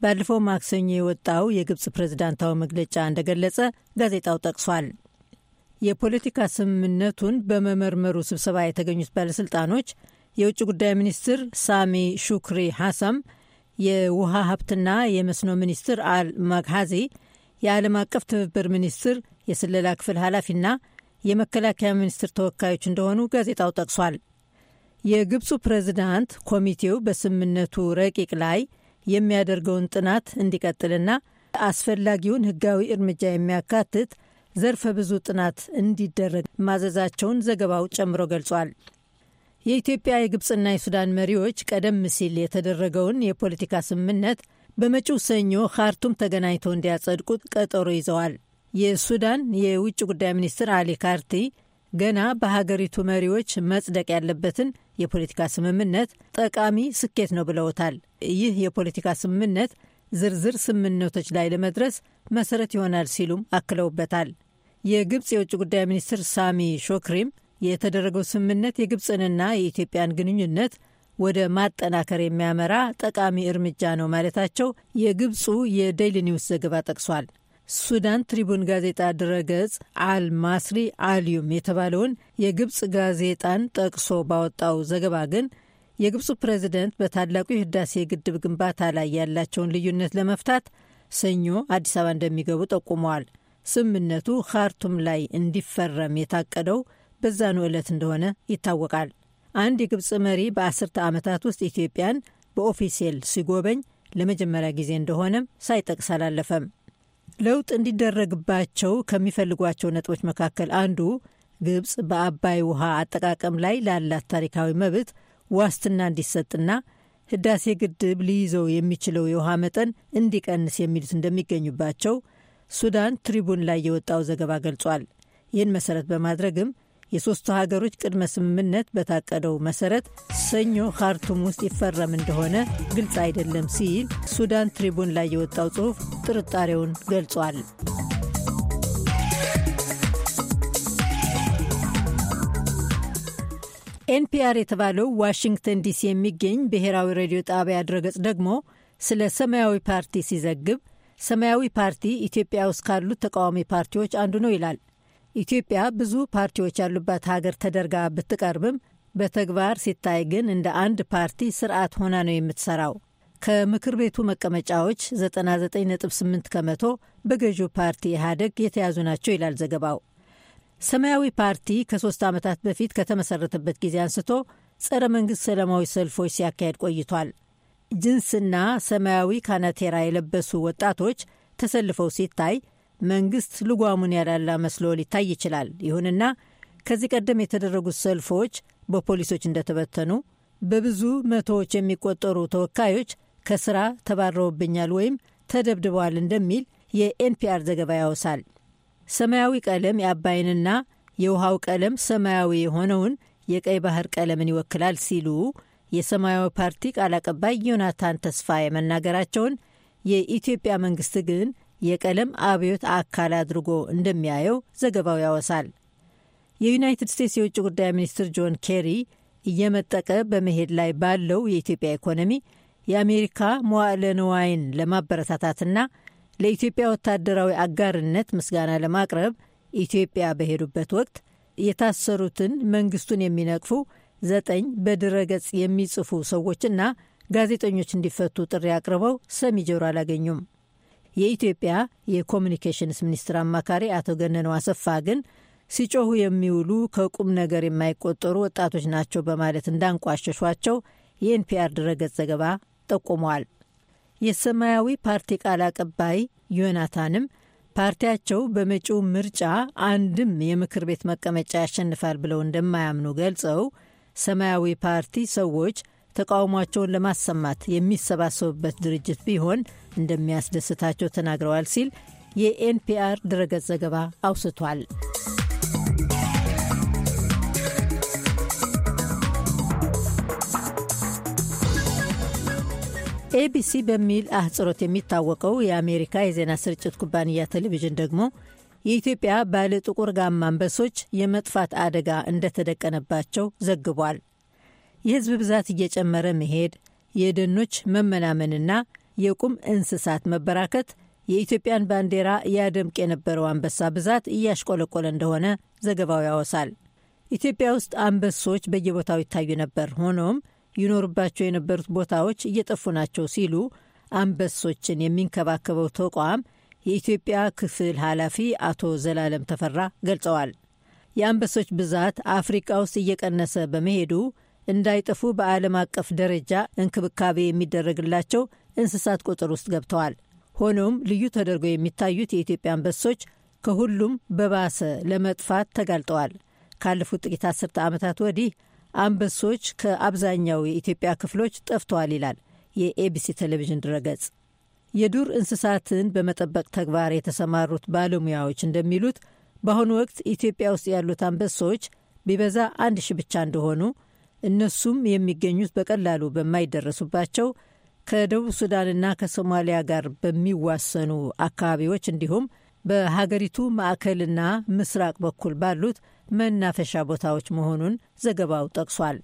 ባለፈው ማክሰኞ የወጣው የግብፅ ፕሬዝዳንታዊ መግለጫ እንደገለጸ ጋዜጣው ጠቅሷል። የፖለቲካ ስምምነቱን በመመርመሩ ስብሰባ የተገኙት ባለሥልጣኖች የውጭ ጉዳይ ሚኒስትር ሳሚ ሹክሪ ሐሳም፣ የውሃ ሀብትና የመስኖ ሚኒስትር አል ማግሃዚ፣ የዓለም አቀፍ ትብብር ሚኒስትር የስለላ ክፍል ኃላፊና የመከላከያ ሚኒስትር ተወካዮች እንደሆኑ ጋዜጣው ጠቅሷል። የግብፁ ፕሬዝዳንት ኮሚቴው በስምምነቱ ረቂቅ ላይ የሚያደርገውን ጥናት እንዲቀጥልና አስፈላጊውን ሕጋዊ እርምጃ የሚያካትት ዘርፈ ብዙ ጥናት እንዲደረግ ማዘዛቸውን ዘገባው ጨምሮ ገልጿል። የኢትዮጵያ የግብፅና የሱዳን መሪዎች ቀደም ሲል የተደረገውን የፖለቲካ ስምምነት በመጪው ሰኞ ካርቱም ተገናኝተው እንዲያጸድቁ ቀጠሮ ይዘዋል። የሱዳን የውጭ ጉዳይ ሚኒስትር አሊ ካርቲ ገና በሀገሪቱ መሪዎች መጽደቅ ያለበትን የፖለቲካ ስምምነት ጠቃሚ ስኬት ነው ብለውታል። ይህ የፖለቲካ ስምምነት ዝርዝር ስምምነቶች ላይ ለመድረስ መሰረት ይሆናል ሲሉም አክለውበታል። የግብፅ የውጭ ጉዳይ ሚኒስትር ሳሚ ሾክሪም የተደረገው ስምምነት የግብፅንና የኢትዮጵያን ግንኙነት ወደ ማጠናከር የሚያመራ ጠቃሚ እርምጃ ነው ማለታቸው የግብፁ የዴይሊ ኒውስ ዘገባ ጠቅሷል። ሱዳን ትሪቡን ጋዜጣ ድረገጽ አል ማስሪ አልዩም የተባለውን የግብፅ ጋዜጣን ጠቅሶ ባወጣው ዘገባ ግን የግብፁ ፕሬዚደንት በታላቁ የህዳሴ ግድብ ግንባታ ላይ ያላቸውን ልዩነት ለመፍታት ሰኞ አዲስ አበባ እንደሚገቡ ጠቁመዋል። ስምምነቱ ካርቱም ላይ እንዲፈረም የታቀደው በዛኑ ዕለት እንደሆነ ይታወቃል። አንድ የግብፅ መሪ በአስርተ ዓመታት ውስጥ ኢትዮጵያን በኦፊሴል ሲጎበኝ ለመጀመሪያ ጊዜ እንደሆነም ሳይጠቅስ አላለፈም። ለውጥ እንዲደረግባቸው ከሚፈልጓቸው ነጥቦች መካከል አንዱ ግብፅ በአባይ ውሃ አጠቃቀም ላይ ላላት ታሪካዊ መብት ዋስትና እንዲሰጥና ህዳሴ ግድብ ሊይዘው የሚችለው የውሃ መጠን እንዲቀንስ የሚሉት እንደሚገኙባቸው ሱዳን ትሪቡን ላይ የወጣው ዘገባ ገልጿል። ይህን መሰረት በማድረግም የሦስቱ ሀገሮች ቅድመ ስምምነት በታቀደው መሠረት ሰኞ ካርቱም ውስጥ ይፈረም እንደሆነ ግልጽ አይደለም ሲል ሱዳን ትሪቡን ላይ የወጣው ጽሑፍ ጥርጣሬውን ገልጿል። ኤንፒአር የተባለው ዋሽንግተን ዲሲ የሚገኝ ብሔራዊ ሬዲዮ ጣቢያ ድረገጽ ደግሞ ስለ ሰማያዊ ፓርቲ ሲዘግብ ሰማያዊ ፓርቲ ኢትዮጵያ ውስጥ ካሉት ተቃዋሚ ፓርቲዎች አንዱ ነው ይላል። ኢትዮጵያ ብዙ ፓርቲዎች ያሉባት ሀገር ተደርጋ ብትቀርብም በተግባር ሲታይ ግን እንደ አንድ ፓርቲ ስርዓት ሆና ነው የምትሰራው። ከምክር ቤቱ መቀመጫዎች 99.8 ከመቶ በገዢው ፓርቲ ኢህአዴግ የተያዙ ናቸው ይላል ዘገባው። ሰማያዊ ፓርቲ ከሶስት ዓመታት በፊት ከተመሰረተበት ጊዜ አንስቶ ጸረ መንግሥት ሰላማዊ ሰልፎች ሲያካሄድ ቆይቷል። ጅንስና ሰማያዊ ካናቴራ የለበሱ ወጣቶች ተሰልፈው ሲታይ መንግስት ልጓሙን ያላላ መስሎ ሊታይ ይችላል። ይሁንና ከዚህ ቀደም የተደረጉት ሰልፎች በፖሊሶች እንደተበተኑ፣ በብዙ መቶዎች የሚቆጠሩ ተወካዮች ከስራ ተባረውብኛል ወይም ተደብድበዋል እንደሚል የኤንፒአር ዘገባ ያወሳል። ሰማያዊ ቀለም የአባይንና የውሃው ቀለም ሰማያዊ የሆነውን የቀይ ባህር ቀለምን ይወክላል ሲሉ የሰማያዊ ፓርቲ ቃል አቀባይ ዮናታን ተስፋዬ መናገራቸውን የኢትዮጵያ መንግስት ግን የቀለም አብዮት አካል አድርጎ እንደሚያየው ዘገባው ያወሳል። የዩናይትድ ስቴትስ የውጭ ጉዳይ ሚኒስትር ጆን ኬሪ እየመጠቀ በመሄድ ላይ ባለው የኢትዮጵያ ኢኮኖሚ የአሜሪካ መዋዕለ ንዋይን ለማበረታታትና ለኢትዮጵያ ወታደራዊ አጋርነት ምስጋና ለማቅረብ ኢትዮጵያ በሄዱበት ወቅት የታሰሩትን መንግስቱን የሚነቅፉ ዘጠኝ በድረገጽ የሚጽፉ ሰዎችና ጋዜጠኞች እንዲፈቱ ጥሪ አቅርበው ሰሚ ጆሮ አላገኙም። የኢትዮጵያ የኮሚኒኬሽንስ ሚኒስትር አማካሪ አቶ ገነነው አሰፋ ግን ሲጮሁ የሚውሉ ከቁም ነገር የማይቆጠሩ ወጣቶች ናቸው በማለት እንዳንቋሸሿቸው የኤንፒአር ድረገጽ ዘገባ ጠቁመዋል። የሰማያዊ ፓርቲ ቃል አቀባይ ዮናታንም ፓርቲያቸው በመጪው ምርጫ አንድም የምክር ቤት መቀመጫ ያሸንፋል ብለው እንደማያምኑ ገልጸው ሰማያዊ ፓርቲ ሰዎች ተቃውሟቸውን ለማሰማት የሚሰባሰቡበት ድርጅት ቢሆን እንደሚያስደስታቸው ተናግረዋል ሲል የኤንፒአር ድረገጽ ዘገባ አውስቷል። ኤቢሲ በሚል አህጽሮት የሚታወቀው የአሜሪካ የዜና ስርጭት ኩባንያ ቴሌቪዥን ደግሞ የኢትዮጵያ ባለ ጥቁር ጋማ አንበሶች የመጥፋት አደጋ እንደተደቀነባቸው ዘግቧል። የህዝብ ብዛት እየጨመረ መሄድ፣ የደኖች መመናመንና የቁም እንስሳት መበራከት የኢትዮጵያን ባንዲራ ያደምቅ የነበረው አንበሳ ብዛት እያሽቆለቆለ እንደሆነ ዘገባው ያወሳል። ኢትዮጵያ ውስጥ አንበሶች በየቦታው ይታዩ ነበር፣ ሆኖም ይኖሩባቸው የነበሩት ቦታዎች እየጠፉ ናቸው ሲሉ አንበሶችን የሚንከባከበው ተቋም የኢትዮጵያ ክፍል ኃላፊ አቶ ዘላለም ተፈራ ገልጸዋል። የአንበሶች ብዛት አፍሪቃ ውስጥ እየቀነሰ በመሄዱ እንዳይጠፉ በዓለም አቀፍ ደረጃ እንክብካቤ የሚደረግላቸው እንስሳት ቁጥር ውስጥ ገብተዋል። ሆኖም ልዩ ተደርገው የሚታዩት የኢትዮጵያ አንበሶች ከሁሉም በባሰ ለመጥፋት ተጋልጠዋል። ካለፉት ጥቂት አስርተ ዓመታት ወዲህ አንበሶች ከአብዛኛው የኢትዮጵያ ክፍሎች ጠፍተዋል ይላል የኤቢሲ ቴሌቪዥን ድረገጽ። የዱር እንስሳትን በመጠበቅ ተግባር የተሰማሩት ባለሙያዎች እንደሚሉት በአሁኑ ወቅት ኢትዮጵያ ውስጥ ያሉት አንበሶች ቢበዛ አንድ ሺ ብቻ እንደሆኑ እነሱም የሚገኙት በቀላሉ በማይደረሱባቸው ከደቡብ ሱዳንና ከሶማሊያ ጋር በሚዋሰኑ አካባቢዎች እንዲሁም በሀገሪቱ ማዕከልና ምስራቅ በኩል ባሉት መናፈሻ ቦታዎች መሆኑን ዘገባው ጠቅሷል።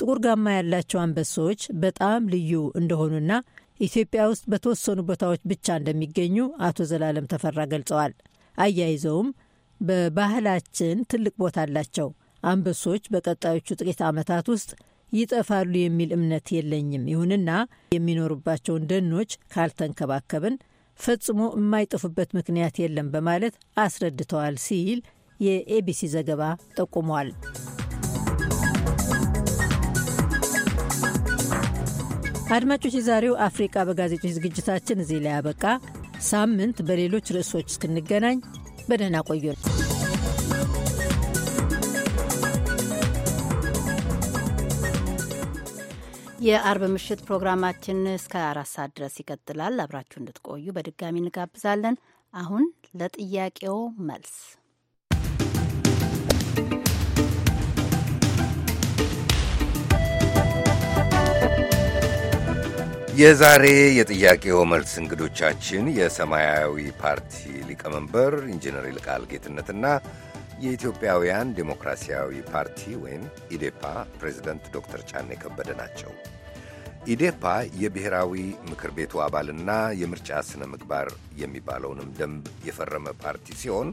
ጥቁር ጋማ ያላቸው አንበሳዎች በጣም ልዩ እንደሆኑና ኢትዮጵያ ውስጥ በተወሰኑ ቦታዎች ብቻ እንደሚገኙ አቶ ዘላለም ተፈራ ገልጸዋል። አያይዘውም በባህላችን ትልቅ ቦታ አላቸው አንበሶች በቀጣዮቹ ጥቂት ዓመታት ውስጥ ይጠፋሉ የሚል እምነት የለኝም። ይሁንና የሚኖሩባቸውን ደኖች ካልተንከባከብን ፈጽሞ የማይጠፉበት ምክንያት የለም በማለት አስረድተዋል ሲል የኤቢሲ ዘገባ ጠቁሟል። አድማጮች፣ የዛሬው አፍሪቃ በጋዜጦች ዝግጅታችን እዚህ ላይ ያበቃ። ሳምንት በሌሎች ርዕሶች እስክንገናኝ በደህና ቆዩን። የአርብ ምሽት ፕሮግራማችን እስከ አራት ሰዓት ድረስ ይቀጥላል። አብራችሁ እንድትቆዩ በድጋሚ እንጋብዛለን። አሁን ለጥያቄው መልስ የዛሬ የጥያቄው መልስ እንግዶቻችን የሰማያዊ ፓርቲ ሊቀመንበር ኢንጂነር ይልቃል ጌትነትና የኢትዮጵያውያን ዴሞክራሲያዊ ፓርቲ ወይም ኢዴፓ ፕሬዝደንት ዶክተር ጫኔ ከበደ ናቸው። ኢዴፓ የብሔራዊ ምክር ቤቱ አባልና የምርጫ ሥነ ምግባር የሚባለውንም ደንብ የፈረመ ፓርቲ ሲሆን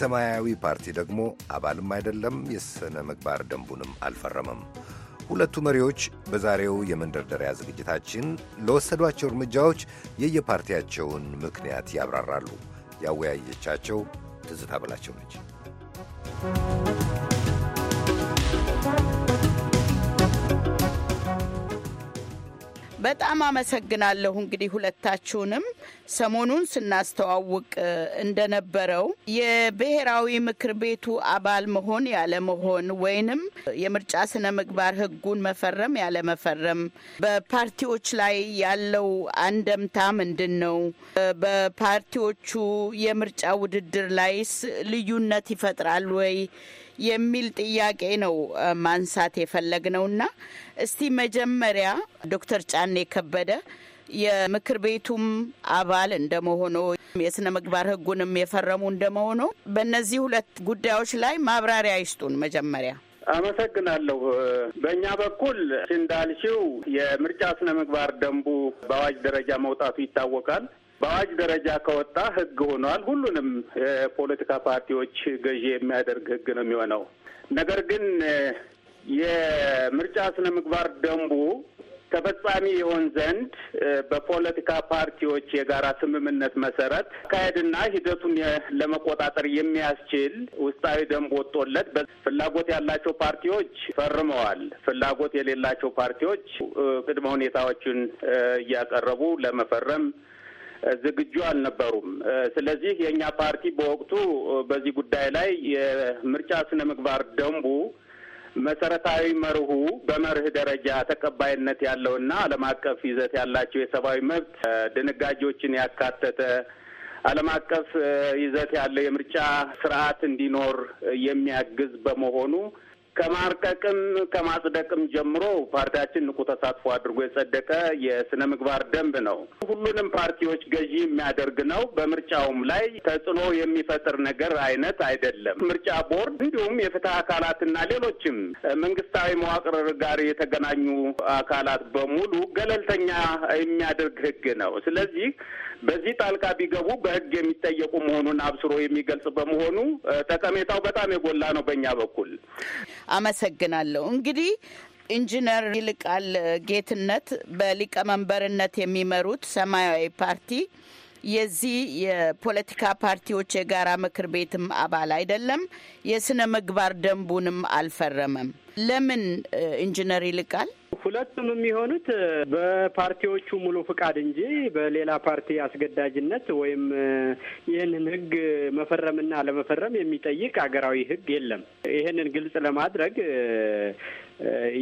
ሰማያዊ ፓርቲ ደግሞ አባልም አይደለም፣ የሥነ ምግባር ደንቡንም አልፈረመም። ሁለቱ መሪዎች በዛሬው የመንደርደሪያ ዝግጅታችን ለወሰዷቸው እርምጃዎች የየፓርቲያቸውን ምክንያት ያብራራሉ። ያወያየቻቸው ትዝታ በላቸው ነች። Música በጣም አመሰግናለሁ። እንግዲህ ሁለታችሁንም ሰሞኑን ስናስተዋውቅ እንደነበረው የብሔራዊ ምክር ቤቱ አባል መሆን ያለመሆን ወይንም የምርጫ ስነ ምግባር ሕጉን መፈረም ያለመፈረም በፓርቲዎች ላይ ያለው አንደምታ ምንድን ነው? በፓርቲዎቹ የምርጫ ውድድር ላይስ ልዩነት ይፈጥራል ወይ የሚል ጥያቄ ነው ማንሳት የፈለግነውና እስቲ መጀመሪያ ዶክተር ጫኔ ከበደ የምክር ቤቱም አባል እንደመሆኖ የስነ ምግባር ህጉንም የፈረሙ እንደመሆኖ በእነዚህ ሁለት ጉዳዮች ላይ ማብራሪያ ይስጡን መጀመሪያ። አመሰግናለሁ። በእኛ በኩል እንዳልሽው የምርጫ ስነ ምግባር ደንቡ በአዋጅ ደረጃ መውጣቱ ይታወቃል። በአዋጅ ደረጃ ከወጣ ህግ ሆኗል። ሁሉንም የፖለቲካ ፓርቲዎች ገዢ የሚያደርግ ህግ ነው የሚሆነው። ነገር ግን የምርጫ ስነ ምግባር ደንቡ ተፈጻሚ ይሆን ዘንድ በፖለቲካ ፓርቲዎች የጋራ ስምምነት መሰረት አካሄድና ሂደቱን ለመቆጣጠር የሚያስችል ውስጣዊ ደንብ ወጥቶለት ፍላጎት ያላቸው ፓርቲዎች ፈርመዋል። ፍላጎት የሌላቸው ፓርቲዎች ቅድመ ሁኔታዎችን እያቀረቡ ለመፈረም ዝግጁ አልነበሩም። ስለዚህ የእኛ ፓርቲ በወቅቱ በዚህ ጉዳይ ላይ የምርጫ ስነ ምግባር ደንቡ መሰረታዊ መርሁ በመርህ ደረጃ ተቀባይነት ያለውና ዓለም አቀፍ ይዘት ያላቸው የሰብአዊ መብት ድንጋጌዎችን ያካተተ ዓለም አቀፍ ይዘት ያለው የምርጫ ስርዓት እንዲኖር የሚያግዝ በመሆኑ ከማርቀቅም ከማጽደቅም ጀምሮ ፓርቲያችን ንቁ ተሳትፎ አድርጎ የጸደቀ የስነ ምግባር ደንብ ነው። ሁሉንም ፓርቲዎች ገዢ የሚያደርግ ነው። በምርጫውም ላይ ተጽዕኖ የሚፈጥር ነገር አይነት አይደለም። ምርጫ ቦርድ እንዲሁም የፍትህ አካላትና ሌሎችም መንግስታዊ መዋቅር ጋር የተገናኙ አካላት በሙሉ ገለልተኛ የሚያደርግ ህግ ነው። ስለዚህ በዚህ ጣልቃ ቢገቡ በህግ የሚጠየቁ መሆኑን አብስሮ የሚገልጽ በመሆኑ ጠቀሜታው በጣም የጎላ ነው በእኛ በኩል። አመሰግናለሁ። እንግዲህ ኢንጂነር ይልቃል ጌትነት በሊቀመንበርነት የሚመሩት ሰማያዊ ፓርቲ የዚህ የፖለቲካ ፓርቲዎች የጋራ ምክር ቤትም አባል አይደለም። የስነ ምግባር ደንቡንም አልፈረመም። ለምን ኢንጂነር ይልቃል? ሁለቱም የሚሆኑት በፓርቲዎቹ ሙሉ ፍቃድ እንጂ በሌላ ፓርቲ አስገዳጅነት ወይም ይህንን ሕግ መፈረምና ለመፈረም የሚጠይቅ አገራዊ ሕግ የለም። ይህንን ግልጽ ለማድረግ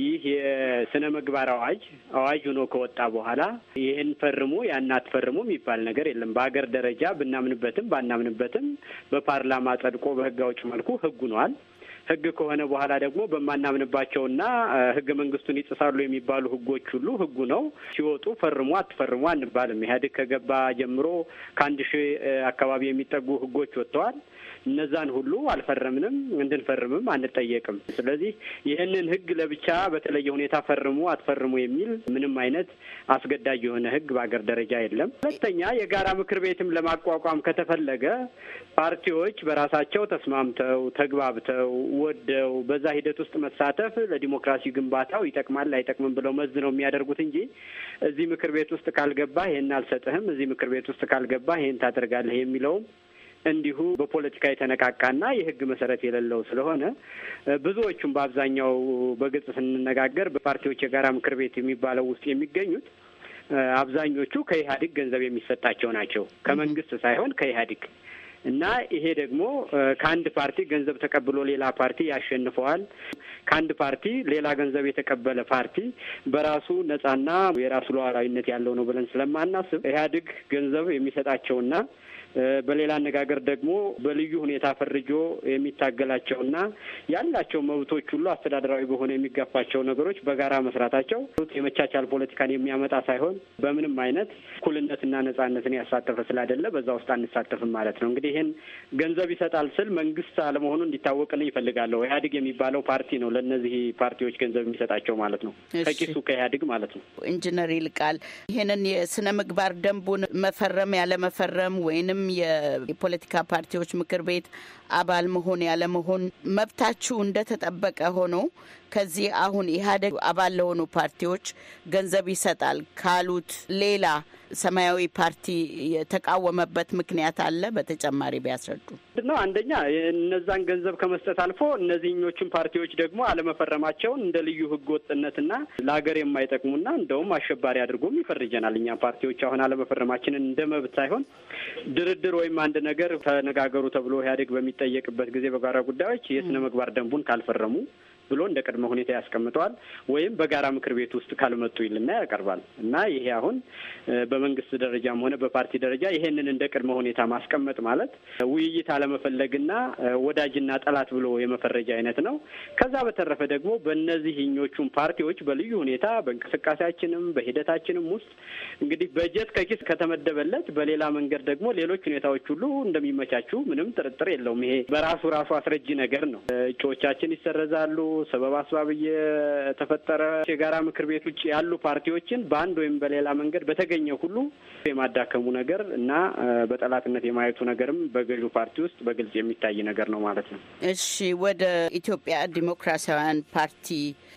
ይህ የስነ ምግባር አዋጅ አዋጅ ሆኖ ከወጣ በኋላ ይህን ፈርሙ ያን አትፈርሙ የሚባል ነገር የለም። በሀገር ደረጃ ብናምንበትም ባናምንበትም በፓርላማ ጸድቆ በህግ አውጭ መልኩ ህጉ ነዋል። ህግ ከሆነ በኋላ ደግሞ በማናምንባቸውና ህገ መንግስቱን ይጥሳሉ የሚባሉ ህጎች ሁሉ ህጉ ነው ሲወጡ ፈርሙ አትፈርሙ አንባልም። ኢህአዴግ ከገባ ጀምሮ ከአንድ ሺህ አካባቢ የሚጠጉ ህጎች ወጥተዋል። እነዛን ሁሉ አልፈረምንም፣ እንድንፈርምም አንጠየቅም። ስለዚህ ይህንን ህግ ለብቻ በተለየ ሁኔታ ፈርሙ አትፈርሙ የሚል ምንም አይነት አስገዳጅ የሆነ ህግ በአገር ደረጃ የለም። ሁለተኛ የጋራ ምክር ቤትም ለማቋቋም ከተፈለገ ፓርቲዎች በራሳቸው ተስማምተው ተግባብተው ወደው በዛ ሂደት ውስጥ መሳተፍ ለዲሞክራሲ ግንባታው ይጠቅማል አይጠቅምም ብለው መዝ ነው የሚያደርጉት እንጂ እዚህ ምክር ቤት ውስጥ ካልገባ ይህን አልሰጥህም፣ እዚህ ምክር ቤት ውስጥ ካልገባ ይህን ታደርጋለህ የሚለውም እንዲሁ በፖለቲካ የተነቃቃና የሕግ መሰረት የሌለው ስለሆነ ብዙዎቹም በአብዛኛው በግልጽ ስንነጋገር በፓርቲዎች የጋራ ምክር ቤት የሚባለው ውስጥ የሚገኙት አብዛኞቹ ከኢህአዴግ ገንዘብ የሚሰጣቸው ናቸው። ከመንግስት ሳይሆን ከኢህአዴግ እና ይሄ ደግሞ ከአንድ ፓርቲ ገንዘብ ተቀብሎ ሌላ ፓርቲ ያሸንፈዋል። ከአንድ ፓርቲ ሌላ ገንዘብ የተቀበለ ፓርቲ በራሱ ነጻና የራሱ ሉዓላዊነት ያለው ነው ብለን ስለማናስብ ኢህአዴግ ገንዘብ የሚሰጣቸውና በሌላ አነጋገር ደግሞ በልዩ ሁኔታ ፈርጆ የሚታገላቸውና ያላቸው መብቶች ሁሉ አስተዳደራዊ በሆነ የሚጋፋቸው ነገሮች በጋራ መስራታቸው የመቻቻል ፖለቲካን የሚያመጣ ሳይሆን በምንም አይነት እኩልነትና ነጻነትን ያሳተፈ ስላይደለ በዛ ውስጥ አንሳተፍም ማለት ነው። እንግዲህ ይህን ገንዘብ ይሰጣል ስል መንግስት አለመሆኑ እንዲታወቅልኝ ይፈልጋለሁ። ኢህአዴግ የሚባለው ፓርቲ ነው ለእነዚህ ፓርቲዎች ገንዘብ የሚሰጣቸው ማለት ነው፣ ከኪሱ ከኢህአዴግ ማለት ነው። ኢንጂነር ይልቃል ይህንን የስነ ምግባር ደንቡን መፈረም ያለመፈረም ወይንም የፖለቲካ ፓርቲዎች ምክር ቤት አባል መሆን ያለመሆን መብታችሁ እንደተጠበቀ ሆኖ ከዚህ አሁን ኢህአዴግ አባል ለሆኑ ፓርቲዎች ገንዘብ ይሰጣል ካሉት ሌላ ሰማያዊ ፓርቲ የተቃወመበት ምክንያት አለ? በተጨማሪ ቢያስረዱ ነው። አንደኛ እነዛን ገንዘብ ከመስጠት አልፎ እነዚህኞቹን ፓርቲዎች ደግሞ አለመፈረማቸውን እንደ ልዩ ህገወጥነትና ለሀገር የማይጠቅሙና እንደውም አሸባሪ አድርጎም ይፈርጀናል። እኛ ፓርቲዎች አሁን አለመፈረማችንን እንደ መብት ሳይሆን ድርድር ወይም አንድ ነገር ተነጋገሩ ተብሎ ኢህአዴግ በሚ በሚጠየቅበት ጊዜ በጋራ ጉዳዮች የስነ ምግባር ደንቡን ካልፈረሙ ብሎ እንደ ቅድመ ሁኔታ ያስቀምጠዋል። ወይም በጋራ ምክር ቤት ውስጥ ካልመጡ ይልና ያቀርባል እና ይሄ አሁን በመንግስት ደረጃም ሆነ በፓርቲ ደረጃ ይሄንን እንደ ቅድመ ሁኔታ ማስቀመጥ ማለት ውይይት አለመፈለግና ወዳጅና ጠላት ብሎ የመፈረጃ አይነት ነው። ከዛ በተረፈ ደግሞ በእነዚህኞቹም ፓርቲዎች በልዩ ሁኔታ በእንቅስቃሴያችንም በሂደታችንም ውስጥ እንግዲህ በጀት ከኪስ ከተመደበለት በሌላ መንገድ ደግሞ ሌሎች ሁኔታዎች ሁሉ እንደሚመቻቹ ምንም ጥርጥር የለውም። ይሄ በራሱ ራሱ አስረጂ ነገር ነው። እጩዎቻችን ይሰረዛሉ። ሰበብ አስባብ እየተፈጠረ የጋራ ምክር ቤት ውጭ ያሉ ፓርቲዎችን በአንድ ወይም በሌላ መንገድ በተገኘ ሁሉ የማዳከሙ ነገር እና በጠላትነት የማየቱ ነገርም በገዢው ፓርቲ ውስጥ በግልጽ የሚታይ ነገር ነው ማለት ነው። እሺ፣ ወደ ኢትዮጵያ ዲሞክራሲያውያን ፓርቲ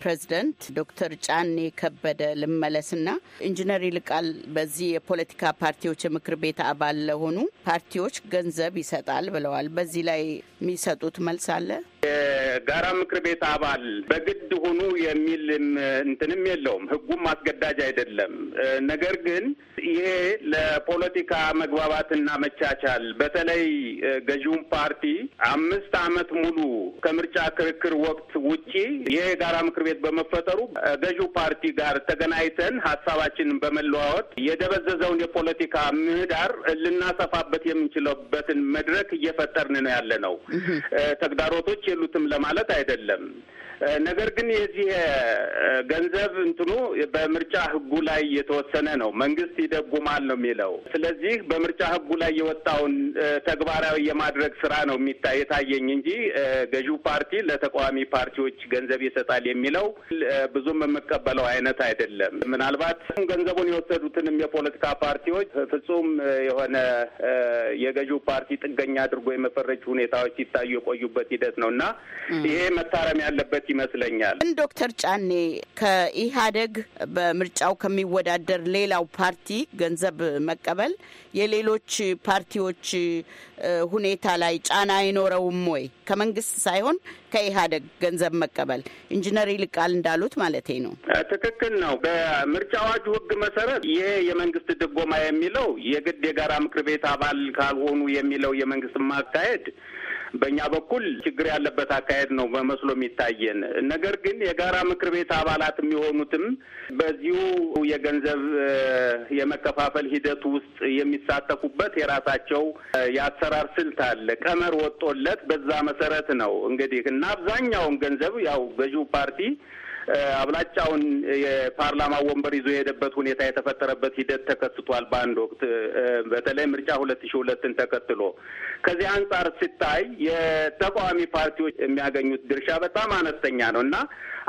ፕሬዚደንት ዶክተር ጫኔ ከበደ ልመለስና ኢንጂነር ይልቃል በዚህ የፖለቲካ ፓርቲዎች የምክር ቤት አባል ለሆኑ ፓርቲዎች ገንዘብ ይሰጣል ብለዋል። በዚህ ላይ የሚሰጡት መልስ አለ? የጋራ ምክር ቤት አባል ይገባል በግድ ሁኑ የሚል እንትንም የለውም። ህጉም አስገዳጅ አይደለም። ነገር ግን ይሄ ለፖለቲካ መግባባትና መቻቻል በተለይ ገዢውን ፓርቲ አምስት አመት ሙሉ ከምርጫ ክርክር ወቅት ውጪ ይሄ የጋራ ምክር ቤት በመፈጠሩ ገዢው ፓርቲ ጋር ተገናኝተን ሀሳባችንን በመለዋወጥ የደበዘዘውን የፖለቲካ ምህዳር ልናሰፋበት የምንችለበትን መድረክ እየፈጠርን ነው ያለ ነው። ተግዳሮቶች የሉትም ለማለት አይደለም። ነገር ግን የዚህ ገንዘብ እንትኑ በምርጫ ህጉ ላይ የተወሰነ ነው። መንግስት ይደጉማል ነው የሚለው። ስለዚህ በምርጫ ህጉ ላይ የወጣውን ተግባራዊ የማድረግ ስራ ነው የሚታ የታየኝ እንጂ ገዢው ፓርቲ ለተቃዋሚ ፓርቲዎች ገንዘብ ይሰጣል የሚለው ብዙም የምቀበለው አይነት አይደለም። ምናልባት ገንዘቡን የወሰዱትንም የፖለቲካ ፓርቲዎች ፍጹም የሆነ የገዢው ፓርቲ ጥገኛ አድርጎ የመፈረጅ ሁኔታዎች ሲታዩ የቆዩበት ሂደት ነው እና ይሄ መታረም ያለበት ይመስለኛል። ግን ዶክተር ጫኔ ከኢህአዴግ በምርጫው ከሚወዳደር ሌላው ፓርቲ ገንዘብ መቀበል የሌሎች ፓርቲዎች ሁኔታ ላይ ጫና አይኖረውም ወይ? ከመንግስት ሳይሆን ከኢህአዴግ ገንዘብ መቀበል ኢንጂነር ይልቃል እንዳሉት ማለት ነው። ትክክል ነው። በምርጫ አዋጁ ህግ መሰረት ይሄ የመንግስት ድጎማ የሚለው የግድ የጋራ ምክር ቤት አባል ካልሆኑ የሚለው የመንግስት ማካሄድ በእኛ በኩል ችግር ያለበት አካሄድ ነው በመስሎ የሚታየን። ነገር ግን የጋራ ምክር ቤት አባላት የሚሆኑትም በዚሁ የገንዘብ የመከፋፈል ሂደት ውስጥ የሚሳተፉበት የራሳቸው የአሰራር ስልት አለ፣ ቀመር ወጦለት በዛ መሰረት ነው እንግዲህ እና አብዛኛውን ገንዘብ ያው ገዢው ፓርቲ አብላጫውን የፓርላማ ወንበር ይዞ የሄደበት ሁኔታ የተፈጠረበት ሂደት ተከስቷል። በአንድ ወቅት በተለይ ምርጫ ሁለት ሺ ሁለትን ተከትሎ ከዚህ አንጻር ሲታይ የተቃዋሚ ፓርቲዎች የሚያገኙት ድርሻ በጣም አነስተኛ ነው እና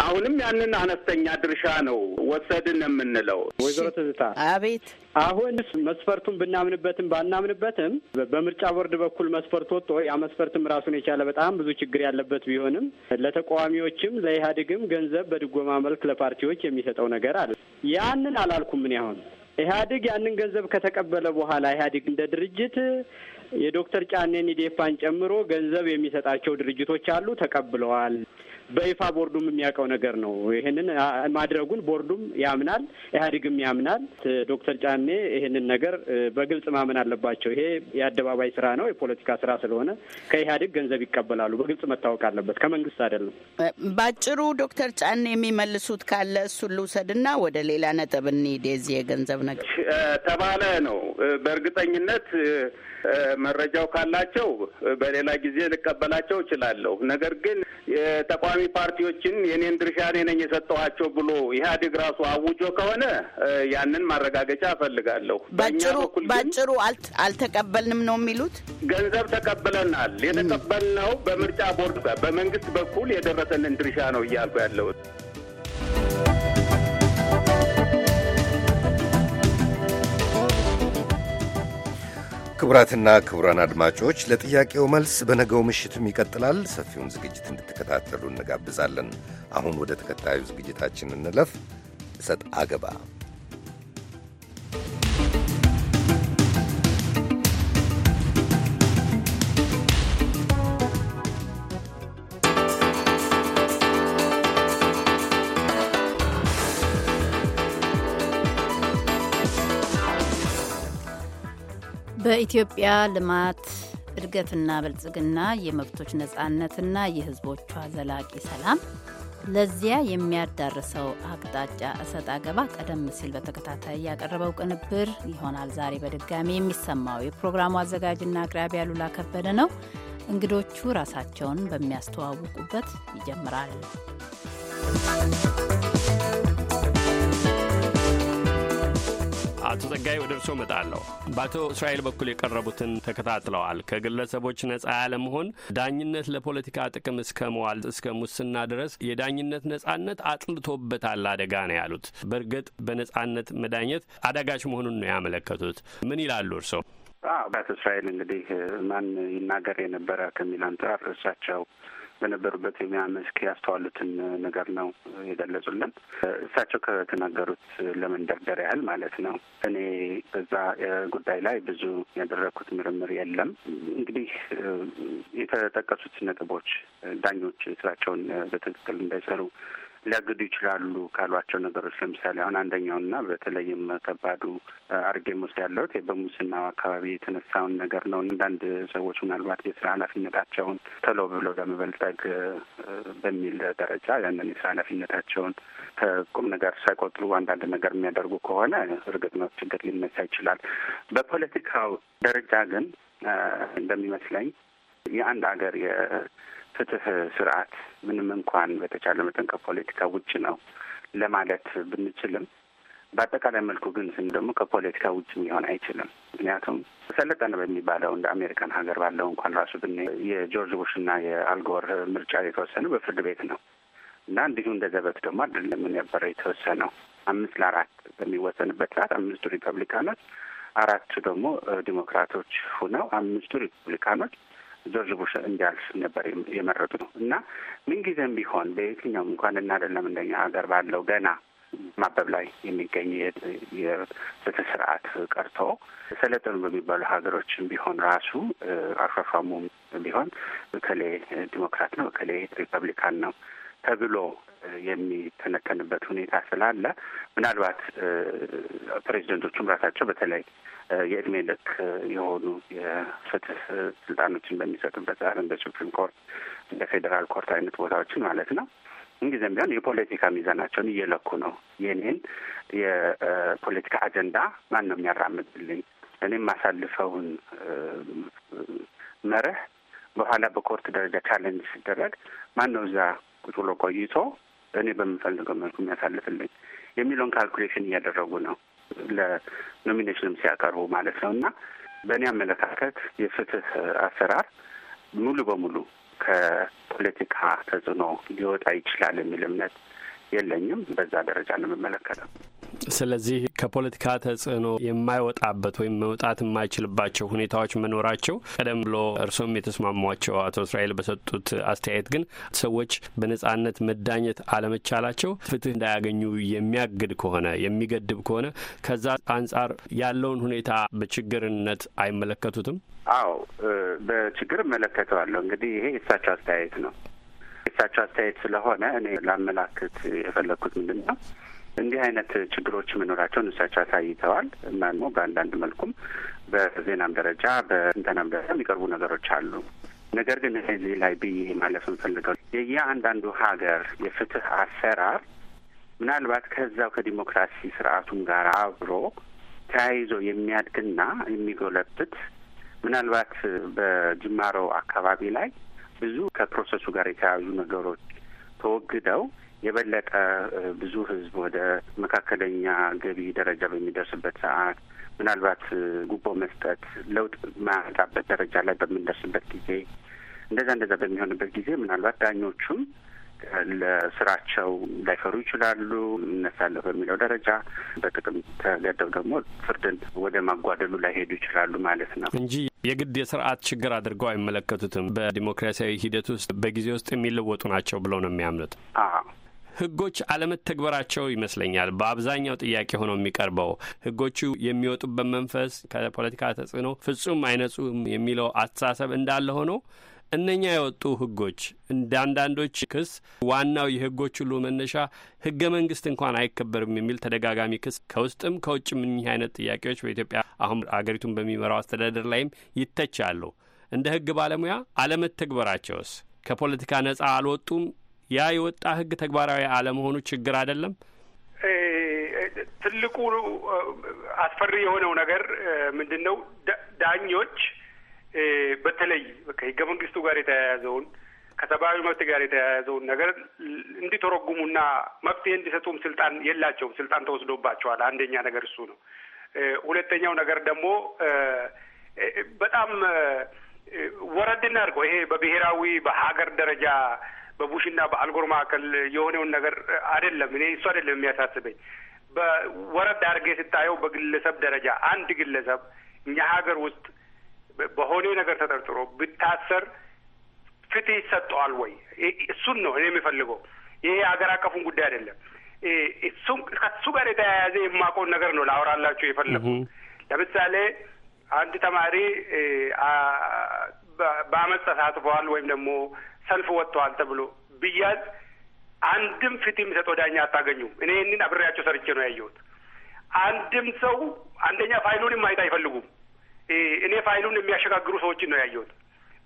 አሁንም ያንን አነስተኛ ድርሻ ነው ወሰድን የምንለው። ወይዘሮ ትዝታ አቤት አሁንስ መስፈርቱን ብናምንበትም ባናምንበትም በምርጫ ቦርድ በኩል መስፈርት ወጥቶ ያ መስፈርትም ራሱን የቻለ በጣም ብዙ ችግር ያለበት ቢሆንም ለተቃዋሚዎችም ለኢህአዴግም ገንዘብ በድጎማ መልክ ለፓርቲዎች የሚሰጠው ነገር አለ። ያንን አላልኩም። ምን ያሁን ኢህአዴግ ያንን ገንዘብ ከተቀበለ በኋላ ኢህአዴግ እንደ ድርጅት የዶክተር ጫኔን ኢዴፓን ጨምሮ ገንዘብ የሚሰጣቸው ድርጅቶች አሉ፣ ተቀብለዋል። በይፋ ቦርዱም የሚያውቀው ነገር ነው። ይህንን ማድረጉን ቦርዱም ያምናል፣ ኢህአዴግም ያምናል። ዶክተር ጫኔ ይህንን ነገር በግልጽ ማመን አለባቸው። ይሄ የአደባባይ ስራ ነው፣ የፖለቲካ ስራ ስለሆነ ከኢህአዴግ ገንዘብ ይቀበላሉ። በግልጽ መታወቅ አለበት፣ ከመንግስት አይደለም። ባጭሩ ዶክተር ጫኔ የሚመልሱት ካለ እሱን ልውሰድና ወደ ሌላ ነጥብ እንሂድ። የዚህ የገንዘብ ነገር ተባለ ነው በእርግጠኝነት መረጃው ካላቸው በሌላ ጊዜ ልቀበላቸው እችላለሁ። ነገር ግን የተቃዋሚ ፓርቲዎችን የኔን ድርሻ እኔ ነኝ የሰጠኋቸው ብሎ ኢህአዴግ ራሱ አውጆ ከሆነ ያንን ማረጋገጫ እፈልጋለሁ። ባጭሩ አልተቀበልንም ነው የሚሉት። ገንዘብ ተቀብለናል። የተቀበልነው በምርጫ ቦርድ በመንግስት በኩል የደረሰንን ድርሻ ነው እያልኩ ያለሁት። ክቡራትና ክቡራን አድማጮች ለጥያቄው መልስ በነገው ምሽትም ይቀጥላል። ሰፊውን ዝግጅት እንድትከታተሉ እንጋብዛለን። አሁን ወደ ተከታዩ ዝግጅታችን እንለፍ። እሰጥ አገባ በኢትዮጵያ ልማት እድገትና ብልጽግና የመብቶች ነጻነትና የሕዝቦቿ ዘላቂ ሰላም ለዚያ የሚያዳርሰው አቅጣጫ እሰጥ አገባ ቀደም ሲል በተከታታይ ያቀረበው ቅንብር ይሆናል ዛሬ በድጋሚ የሚሰማው። የፕሮግራሙ አዘጋጅና አቅራቢ አሉላ ከበደ ነው። እንግዶቹ ራሳቸውን በሚያስተዋውቁበት ይጀምራል። ጉዳይ ወደ እርሶ እመጣለሁ። በአቶ እስራኤል በኩል የቀረቡትን ተከታትለዋል። ከግለሰቦች ነጻ ያለመሆን ዳኝነት ለፖለቲካ ጥቅም እስከ መዋል እስከ ሙስና ድረስ የዳኝነት ነጻነት አጥልቶበታል አደጋ ነው ያሉት። በእርግጥ በነጻነት መዳኘት አዳጋች መሆኑን ነው ያመለከቱት። ምን ይላሉ እርሶ? አቶ እስራኤል እንግዲህ ማን ይናገር የነበረ ከሚል አንጻር እርሳቸው በነበሩበት የሙያ መስክ ያስተዋሉትን ነገር ነው የገለጹልን። እሳቸው ከተናገሩት ለመንደርደር ያህል ማለት ነው። እኔ በዛ ጉዳይ ላይ ብዙ ያደረግኩት ምርምር የለም። እንግዲህ የተጠቀሱት ነጥቦች ዳኞች ስራቸውን በትክክል እንዳይሰሩ ሊያግዱ ይችላሉ ካሏቸው ነገሮች ለምሳሌ አሁን አንደኛውና በተለይም ከባዱ አርጌም ውስጥ ያለሁት በሙስናው አካባቢ የተነሳውን ነገር ነው። አንዳንድ ሰዎች ምናልባት የስራ ኃላፊነታቸውን ተሎ ብሎ ለመበልጠግ በሚል ደረጃ ያንን የስራ ኃላፊነታቸውን ከቁም ነገር ሳይቆጥሩ አንዳንድ ነገር የሚያደርጉ ከሆነ እርግጥ ነው ችግር ሊነሳ ይችላል። በፖለቲካው ደረጃ ግን እንደሚመስለኝ የአንድ ሀገር ፍትህ ስርዓት ምንም እንኳን በተቻለ መጠን ከፖለቲካ ውጭ ነው ለማለት ብንችልም በአጠቃላይ መልኩ ግን ስም ደግሞ ከፖለቲካ ውጭ ሊሆን አይችልም። ምክንያቱም ሰለጠነ በሚባለው እንደ አሜሪካን ሀገር ባለው እንኳን ራሱ ብን የጆርጅ ቡሽና የአልጎር ምርጫ የተወሰነ በፍርድ ቤት ነው እና እንዲሁ እንደ ዘበት ደግሞ አይደለም የነበረ የተወሰነው አምስት ለአራት በሚወሰንበት ሰዓት አምስቱ ሪፐብሊካኖች አራቱ ደግሞ ዲሞክራቶች ሁነው አምስቱ ሪፐብሊካኖች ጆርጅ ቡሽ እንዲያልፍ ነበር የመረጡ ነው እና ምንጊዜም ቢሆን በየትኛውም እንኳን እናደለም እንደኛ ሀገር ባለው ገና ማበብ ላይ የሚገኝ የፍትህ ስርዓት ቀርቶ ሰለጠኑ በሚባሉ ሀገሮችም ቢሆን ራሱ አሿሿሙም ቢሆን እከሌ ዲሞክራት ነው፣ እከሌ ሪፐብሊካን ነው ተብሎ የሚተነተንበት ሁኔታ ስላለ ምናልባት ፕሬዚደንቶቹም ራሳቸው በተለይ የእድሜ ልክ የሆኑ የፍትህ ስልጣኖችን በሚሰጡበት ዛር እንደ ሱፕሪም ኮርት እንደ ፌዴራል ኮርት አይነት ቦታዎችን ማለት ነው እንጊዜም ቢሆን የፖለቲካ ሚዛናቸውን እየለኩ ነው። የኔን የፖለቲካ አጀንዳ ማን ነው የሚያራምድልኝ? እኔም ማሳልፈውን መርህ በኋላ በኮርት ደረጃ ቻለንጅ ሲደረግ ማን ነው እዛ ቁጭ ብሎ ቆይቶ እኔ በምፈልገው መልኩ የሚያሳልፍልኝ የሚለውን ካልኩሌሽን እያደረጉ ነው ለኖሚኔሽንም ሲያቀርቡ ማለት ነው። እና በእኔ አመለካከት የፍትህ አሰራር ሙሉ በሙሉ ከፖለቲካ ተጽዕኖ ሊወጣ ይችላል የሚል እምነት የለኝም። በዛ ደረጃ ነው የምመለከተው። ስለዚህ ከፖለቲካ ተጽዕኖ የማይወጣበት ወይም መውጣት የማይችልባቸው ሁኔታዎች መኖራቸው ቀደም ብሎ እርስዎም የተስማሟቸው አቶ እስራኤል በሰጡት አስተያየት ግን ሰዎች በነጻነት መዳኘት አለመቻላቸው ፍትህ እንዳያገኙ የሚያግድ ከሆነ የሚገድብ ከሆነ ከዛ አንጻር ያለውን ሁኔታ በችግርነት አይመለከቱትም? አዎ፣ በችግር እመለከተዋለሁ። እንግዲህ ይሄ የእሳቸው አስተያየት ነው። የእሳቸው አስተያየት ስለሆነ እኔ ላመላክት የፈለግኩት ምንድን ነው እንዲህ አይነት ችግሮች መኖራቸውን እሳቸው አሳይተዋል እና ደግሞ በአንዳንድ መልኩም በዜናም ደረጃ በስንተናም ደረጃ የሚቀርቡ ነገሮች አሉ። ነገር ግን እዚህ ላይ ብዬ ማለፍ እንፈልገው የየአንዳንዱ ሀገር የፍትህ አሰራር ምናልባት ከዛው ከዲሞክራሲ ስርዓቱም ጋር አብሮ ተያይዞ የሚያድግና የሚጎለብት ምናልባት በጅማሮ አካባቢ ላይ ብዙ ከፕሮሰሱ ጋር የተያያዙ ነገሮች ተወግደው የበለጠ ብዙ ህዝብ ወደ መካከለኛ ገቢ ደረጃ በሚደርስበት ሰዓት ምናልባት ጉቦ መስጠት ለውጥ ማያጣበት ደረጃ ላይ በምንደርስበት ጊዜ እንደዛ እንደዛ በሚሆንበት ጊዜ ምናልባት ዳኞቹም ለስራቸው ላይፈሩ ይችላሉ። እነሳለሁ በሚለው ደረጃ በጥቅም ተገደው ደግሞ ፍርድን ወደ ማጓደሉ ላይሄዱ ይችላሉ ማለት ነው እንጂ የግድ የስርዓት ችግር አድርገው አይመለከቱትም። በዲሞክራሲያዊ ሂደት ውስጥ በጊዜ ውስጥ የሚለወጡ ናቸው ብለው ነው የሚያምኑት። ህጎች አለመተግበራቸው ይመስለኛል በአብዛኛው ጥያቄ ሆኖ የሚቀርበው። ህጎቹ የሚወጡበት መንፈስ ከፖለቲካ ተጽዕኖ ፍጹም አይነጹም የሚለው አስተሳሰብ እንዳለ ሆኖ እነኛ የወጡ ህጎች እንደ አንዳንዶች ክስ ዋናው የህጎች ሁሉ መነሻ ህገ መንግስት እንኳን አይከበርም የሚል ተደጋጋሚ ክስ ከውስጥም ከውጭም እኒህ አይነት ጥያቄዎች በኢትዮጵያ አሁን አገሪቱን በሚመራው አስተዳደር ላይም ይተቻሉ። እንደ ህግ ባለሙያ አለመተግበራቸውስ ከፖለቲካ ነጻ አልወጡም? ያ የወጣ ህግ ተግባራዊ አለመሆኑ ችግር አይደለም? ትልቁ አስፈሪ የሆነው ነገር ምንድን ነው? ዳኞች በተለይ ከህገ መንግስቱ ጋር የተያያዘውን ከሰብአዊ መብት ጋር የተያያዘውን ነገር እንዲተረጉሙና መፍትሄ እንዲሰጡም ስልጣን የላቸውም። ስልጣን ተወስዶባቸዋል። አንደኛ ነገር እሱ ነው። ሁለተኛው ነገር ደግሞ በጣም ወረድ አድርገው ይሄ በብሔራዊ በሀገር ደረጃ በቡሽና በአልጎር መካከል የሆነውን ነገር አይደለም። እኔ እሱ አይደለም የሚያሳስበኝ። በወረድ አድርጌ ስታየው በግለሰብ ደረጃ አንድ ግለሰብ እኛ ሀገር ውስጥ በሆነ ነገር ተጠርጥሮ ብታሰር ፍትህ ይሰጠዋል ወይ? እሱን ነው እኔ የሚፈልገው። ይሄ ሀገር አቀፉን ጉዳይ አይደለም። ከሱ ጋር የተያያዘ የማውቀውን ነገር ነው ላወራላችሁ የፈለጉ። ለምሳሌ አንድ ተማሪ በአመፅ ተሳትፈዋል ወይም ደግሞ ሰልፍ ወጥተዋል ተብሎ ብያዝ አንድም ፍትህ የሚሰጠው ዳኛ አታገኙም። እኔ ይህንን አብሬያቸው ሰርቼ ነው ያየሁት። አንድም ሰው አንደኛ ፋይሉንም ማየት አይፈልጉም። እኔ ፋይሉን የሚያሸጋግሩ ሰዎችን ነው ያየሁት።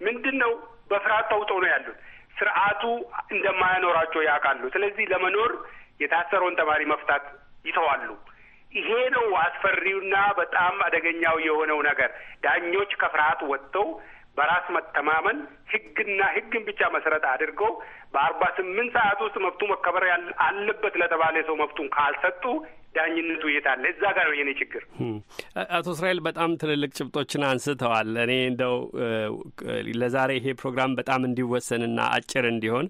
ምንድን ነው በፍርሃት ተውጠው ነው ያሉት። ስርዓቱ እንደማያኖራቸው ያውቃሉ። ስለዚህ ለመኖር የታሰረውን ተማሪ መፍታት ይተዋሉ። ይሄ ነው አስፈሪውና በጣም አደገኛው የሆነው ነገር። ዳኞች ከፍርሃት ወጥተው በራስ መተማመን ህግና ህግን ብቻ መሰረት አድርገው በአርባ ስምንት ሰዓት ውስጥ መብቱ መከበር አለበት ለተባለ ሰው መብቱን ካልሰጡ ዳኝነቱ የት አለ? እዛ ጋር ነው የኔ ችግር። አቶ እስራኤል በጣም ትልልቅ ጭብጦችን አንስተዋል። እኔ እንደው ለዛሬ ይሄ ፕሮግራም በጣም እንዲወሰንና አጭር እንዲሆን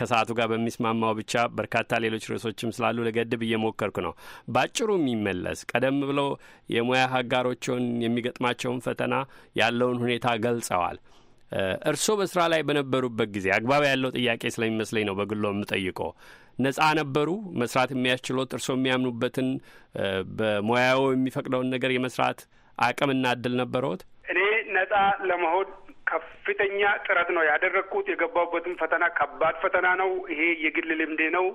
ከሰዓቱ ጋር በሚስማማው ብቻ በርካታ ሌሎች ርዕሶችም ስላሉ ልገድብ እየሞከርኩ ነው። ባጭሩ የሚመለስ ቀደም ብለው የሙያ አጋሮችን የሚገጥማቸውን ፈተና ያለውን ሁኔታ ገልጸዋል። እርስዎ በስራ ላይ በነበሩበት ጊዜ አግባብ ያለው ጥያቄ ስለሚመስለኝ ነው በግሎ የምጠይቀው ነጻ ነበሩ መስራት የሚያስችሎት እርስዎ የሚያምኑበትን በሙያው የሚፈቅደውን ነገር የመስራት አቅምና እድል ነበረዎት? እኔ ነጻ ለመሆን ከፍተኛ ጥረት ነው ያደረግኩት። የገባሁበትም ፈተና ከባድ ፈተና ነው። ይሄ የግል ልምዴ ነው።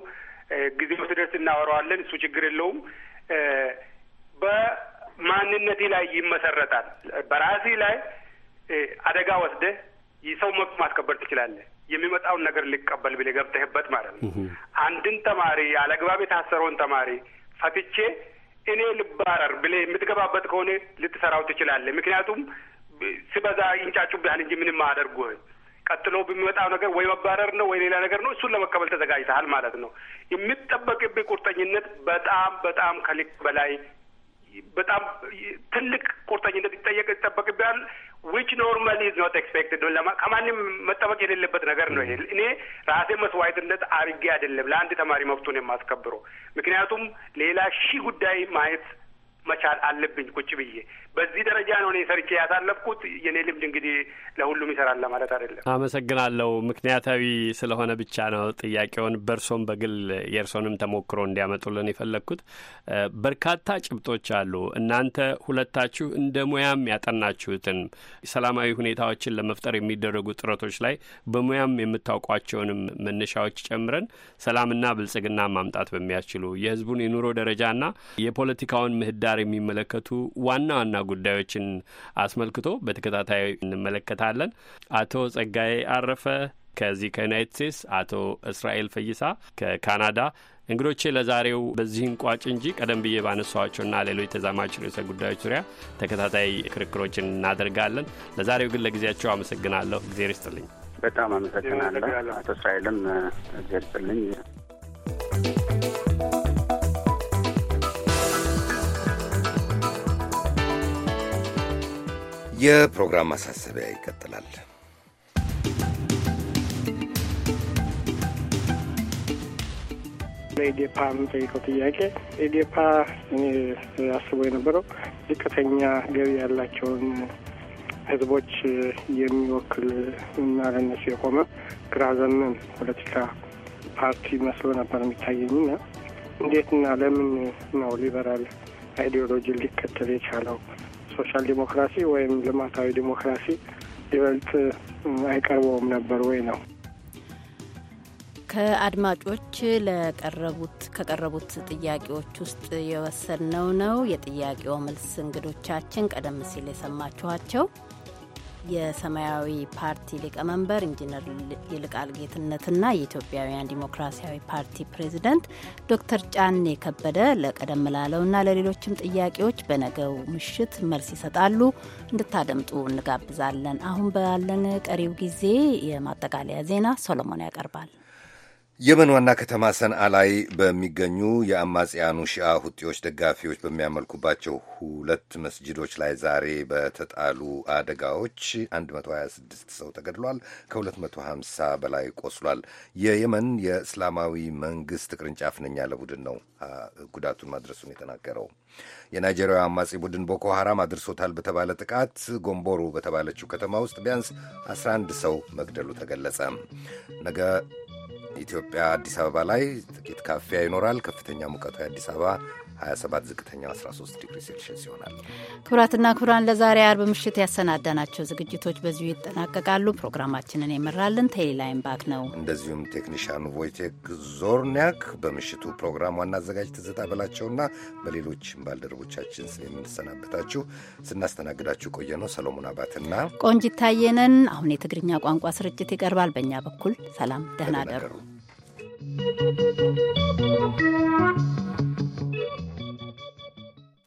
ጊዜው ሲደርስ እናወራዋለን። እሱ ችግር የለውም። በማንነቴ ላይ ይመሰረታል። በራሴ ላይ አደጋ ወስደህ የሰው መብት ማስከበር ትችላለህ። የሚመጣውን ነገር ሊቀበል ብለህ ገብተህበት ማለት ነው። አንድን ተማሪ አለግባብ የታሰረውን ተማሪ ፈትቼ እኔ ልባረር ብለህ የምትገባበት ከሆነ ልትሰራው ትችላለህ። ምክንያቱም ስበዛ ይንጫጩብሃል እንጂ ምንም አያደርጉህም። ቀጥሎ በሚመጣው ነገር ወይ መባረር ነው ወይ ሌላ ነገር ነው። እሱን ለመቀበል ተዘጋጅተሃል ማለት ነው። የሚጠበቅብህ ቁርጠኝነት በጣም በጣም ከልክ በላይ በጣም ትልቅ ቁርጠኝነት ይጠየቅ ይጠበቅብሃል። ዊች ኖርማሊ ኢዝ ኖት ኤክስፔክትድ ከማንም መጠበቅ የሌለበት ነገር ነው። ይሄ እኔ ራሴ መስዋዕትነት አርጌ አይደለም ለአንድ ተማሪ መብቱን የማስከብረው፣ ምክንያቱም ሌላ ሺህ ጉዳይ ማየት መቻል አለብኝ ቁጭ ብዬ በዚህ ደረጃ ነው እኔ ሰርቼ ያሳለፍኩት። የኔ ልምድ እንግዲህ ለሁሉም ይሰራል ለማለት አይደለም። አመሰግናለሁ። ምክንያታዊ ስለሆነ ብቻ ነው ጥያቄውን በእርሶም በግል የእርሶንም ተሞክሮ እንዲያመጡልን የፈለግኩት። በርካታ ጭብጦች አሉ። እናንተ ሁለታችሁ እንደ ሙያም ያጠናችሁትን ሰላማዊ ሁኔታዎችን ለመፍጠር የሚደረጉ ጥረቶች ላይ በሙያም የምታውቋቸውንም መነሻዎች ጨምረን ሰላምና ብልጽግና ማምጣት በሚያስችሉ የህዝቡን የኑሮ ደረጃና የፖለቲካውን ምህዳር የሚመለከቱ ዋና ዋና ጉዳዮችን አስመልክቶ በተከታታይ እንመለከታለን። አቶ ጸጋዬ አረፈ ከዚህ ከዩናይት ስቴትስ፣ አቶ እስራኤል ፈይሳ ከካናዳ እንግዶቼ ለዛሬው በዚህ እንቋጭ እንጂ ቀደም ብዬ ባነሷቸውና ሌሎች ተዛማች ርዕሰ ጉዳዮች ዙሪያ ተከታታይ ክርክሮችን እናደርጋለን። ለዛሬው ግን ለጊዜያቸው አመሰግናለሁ። እግዜር ይስጥልኝ። በጣም አመሰግናለሁ አቶ እስራኤልም እግዜር ይስጥልኝ። የፕሮግራም ማሳሰቢያ ይቀጥላል። ለኢዴፓ የምጠይቀው ጥያቄ ኢዴፓ እኔ አስቦ የነበረው ዝቅተኛ ገቢ ያላቸውን ህዝቦች የሚወክል እና ለነሱ የቆመ ግራ ፖለቲካ ፓርቲ መስሎ ነበር እና እንዴትና ለምን ነው ሊበራል አይዲዮሎጂ ሊከተል የቻለው? ሶሻል ዲሞክራሲ ወይም ልማታዊ ዲሞክራሲ ይበልጥ አይቀርበውም ነበር ወይ ነው። ከአድማጮች ለቀረቡት ከቀረቡት ጥያቄዎች ውስጥ የወሰንነው ነው። የጥያቄው መልስ እንግዶቻችን ቀደም ሲል የሰማችኋቸው የሰማያዊ ፓርቲ ሊቀመንበር ኢንጂነር ይልቃል ጌትነትና የኢትዮጵያውያን ዲሞክራሲያዊ ፓርቲ ፕሬዚደንት ዶክተር ጫኔ ከበደ ለቀደም ላለውና ለሌሎችም ጥያቄዎች በነገው ምሽት መልስ ይሰጣሉ። እንድታደምጡ እንጋብዛለን። አሁን ባለን ቀሪው ጊዜ የማጠቃለያ ዜና ሶሎሞን ያቀርባል። የመን ዋና ከተማ ሰንዓ ላይ በሚገኙ የአማጽያኑ ሺአ ሁጤዎች ደጋፊዎች በሚያመልኩባቸው ሁለት መስጅዶች ላይ ዛሬ በተጣሉ አደጋዎች 126 ሰው ተገድሏል፣ ከ250 በላይ ቆስሏል። የየመን የእስላማዊ መንግስት ቅርንጫፍ ነኝ ያለ ቡድን ነው ጉዳቱን ማድረሱን የተናገረው። የናይጄሪያው አማጺ ቡድን ቦኮ ሐራም አድርሶታል በተባለ ጥቃት ጎንቦሩ በተባለችው ከተማ ውስጥ ቢያንስ 11 ሰው መግደሉ ተገለጸ። ነገ ኢትዮጵያ አዲስ አበባ ላይ ጥቂት ካፊያ ይኖራል። ከፍተኛ ሙቀቱ የአዲስ አበባ 27 ዝቅተኛው 13 ዲግሪ ሴልሽስ ይሆናል። ክቡራትና ክቡራን ለዛሬ አርብ ምሽት ያሰናዳናቸው ዝግጅቶች በዚሁ ይጠናቀቃሉ። ፕሮግራማችንን የመራልን ቴሌላይም ባክ ነው። እንደዚሁም ቴክኒሽያኑ ቮይቴክ ዞርኒያክ፣ በምሽቱ ፕሮግራም ዋና አዘጋጅ ትዝታ በላቸውና በሌሎች ባልደረቦቻችን ስም የምንሰናበታችሁ ስናስተናግዳችሁ ቆየ ነው ሰሎሞን አባትና ቆንጂት ታየ አሁን የትግርኛ ቋንቋ ስርጭት ይቀርባል። በእኛ በኩል ሰላም፣ ደህና ደሩ።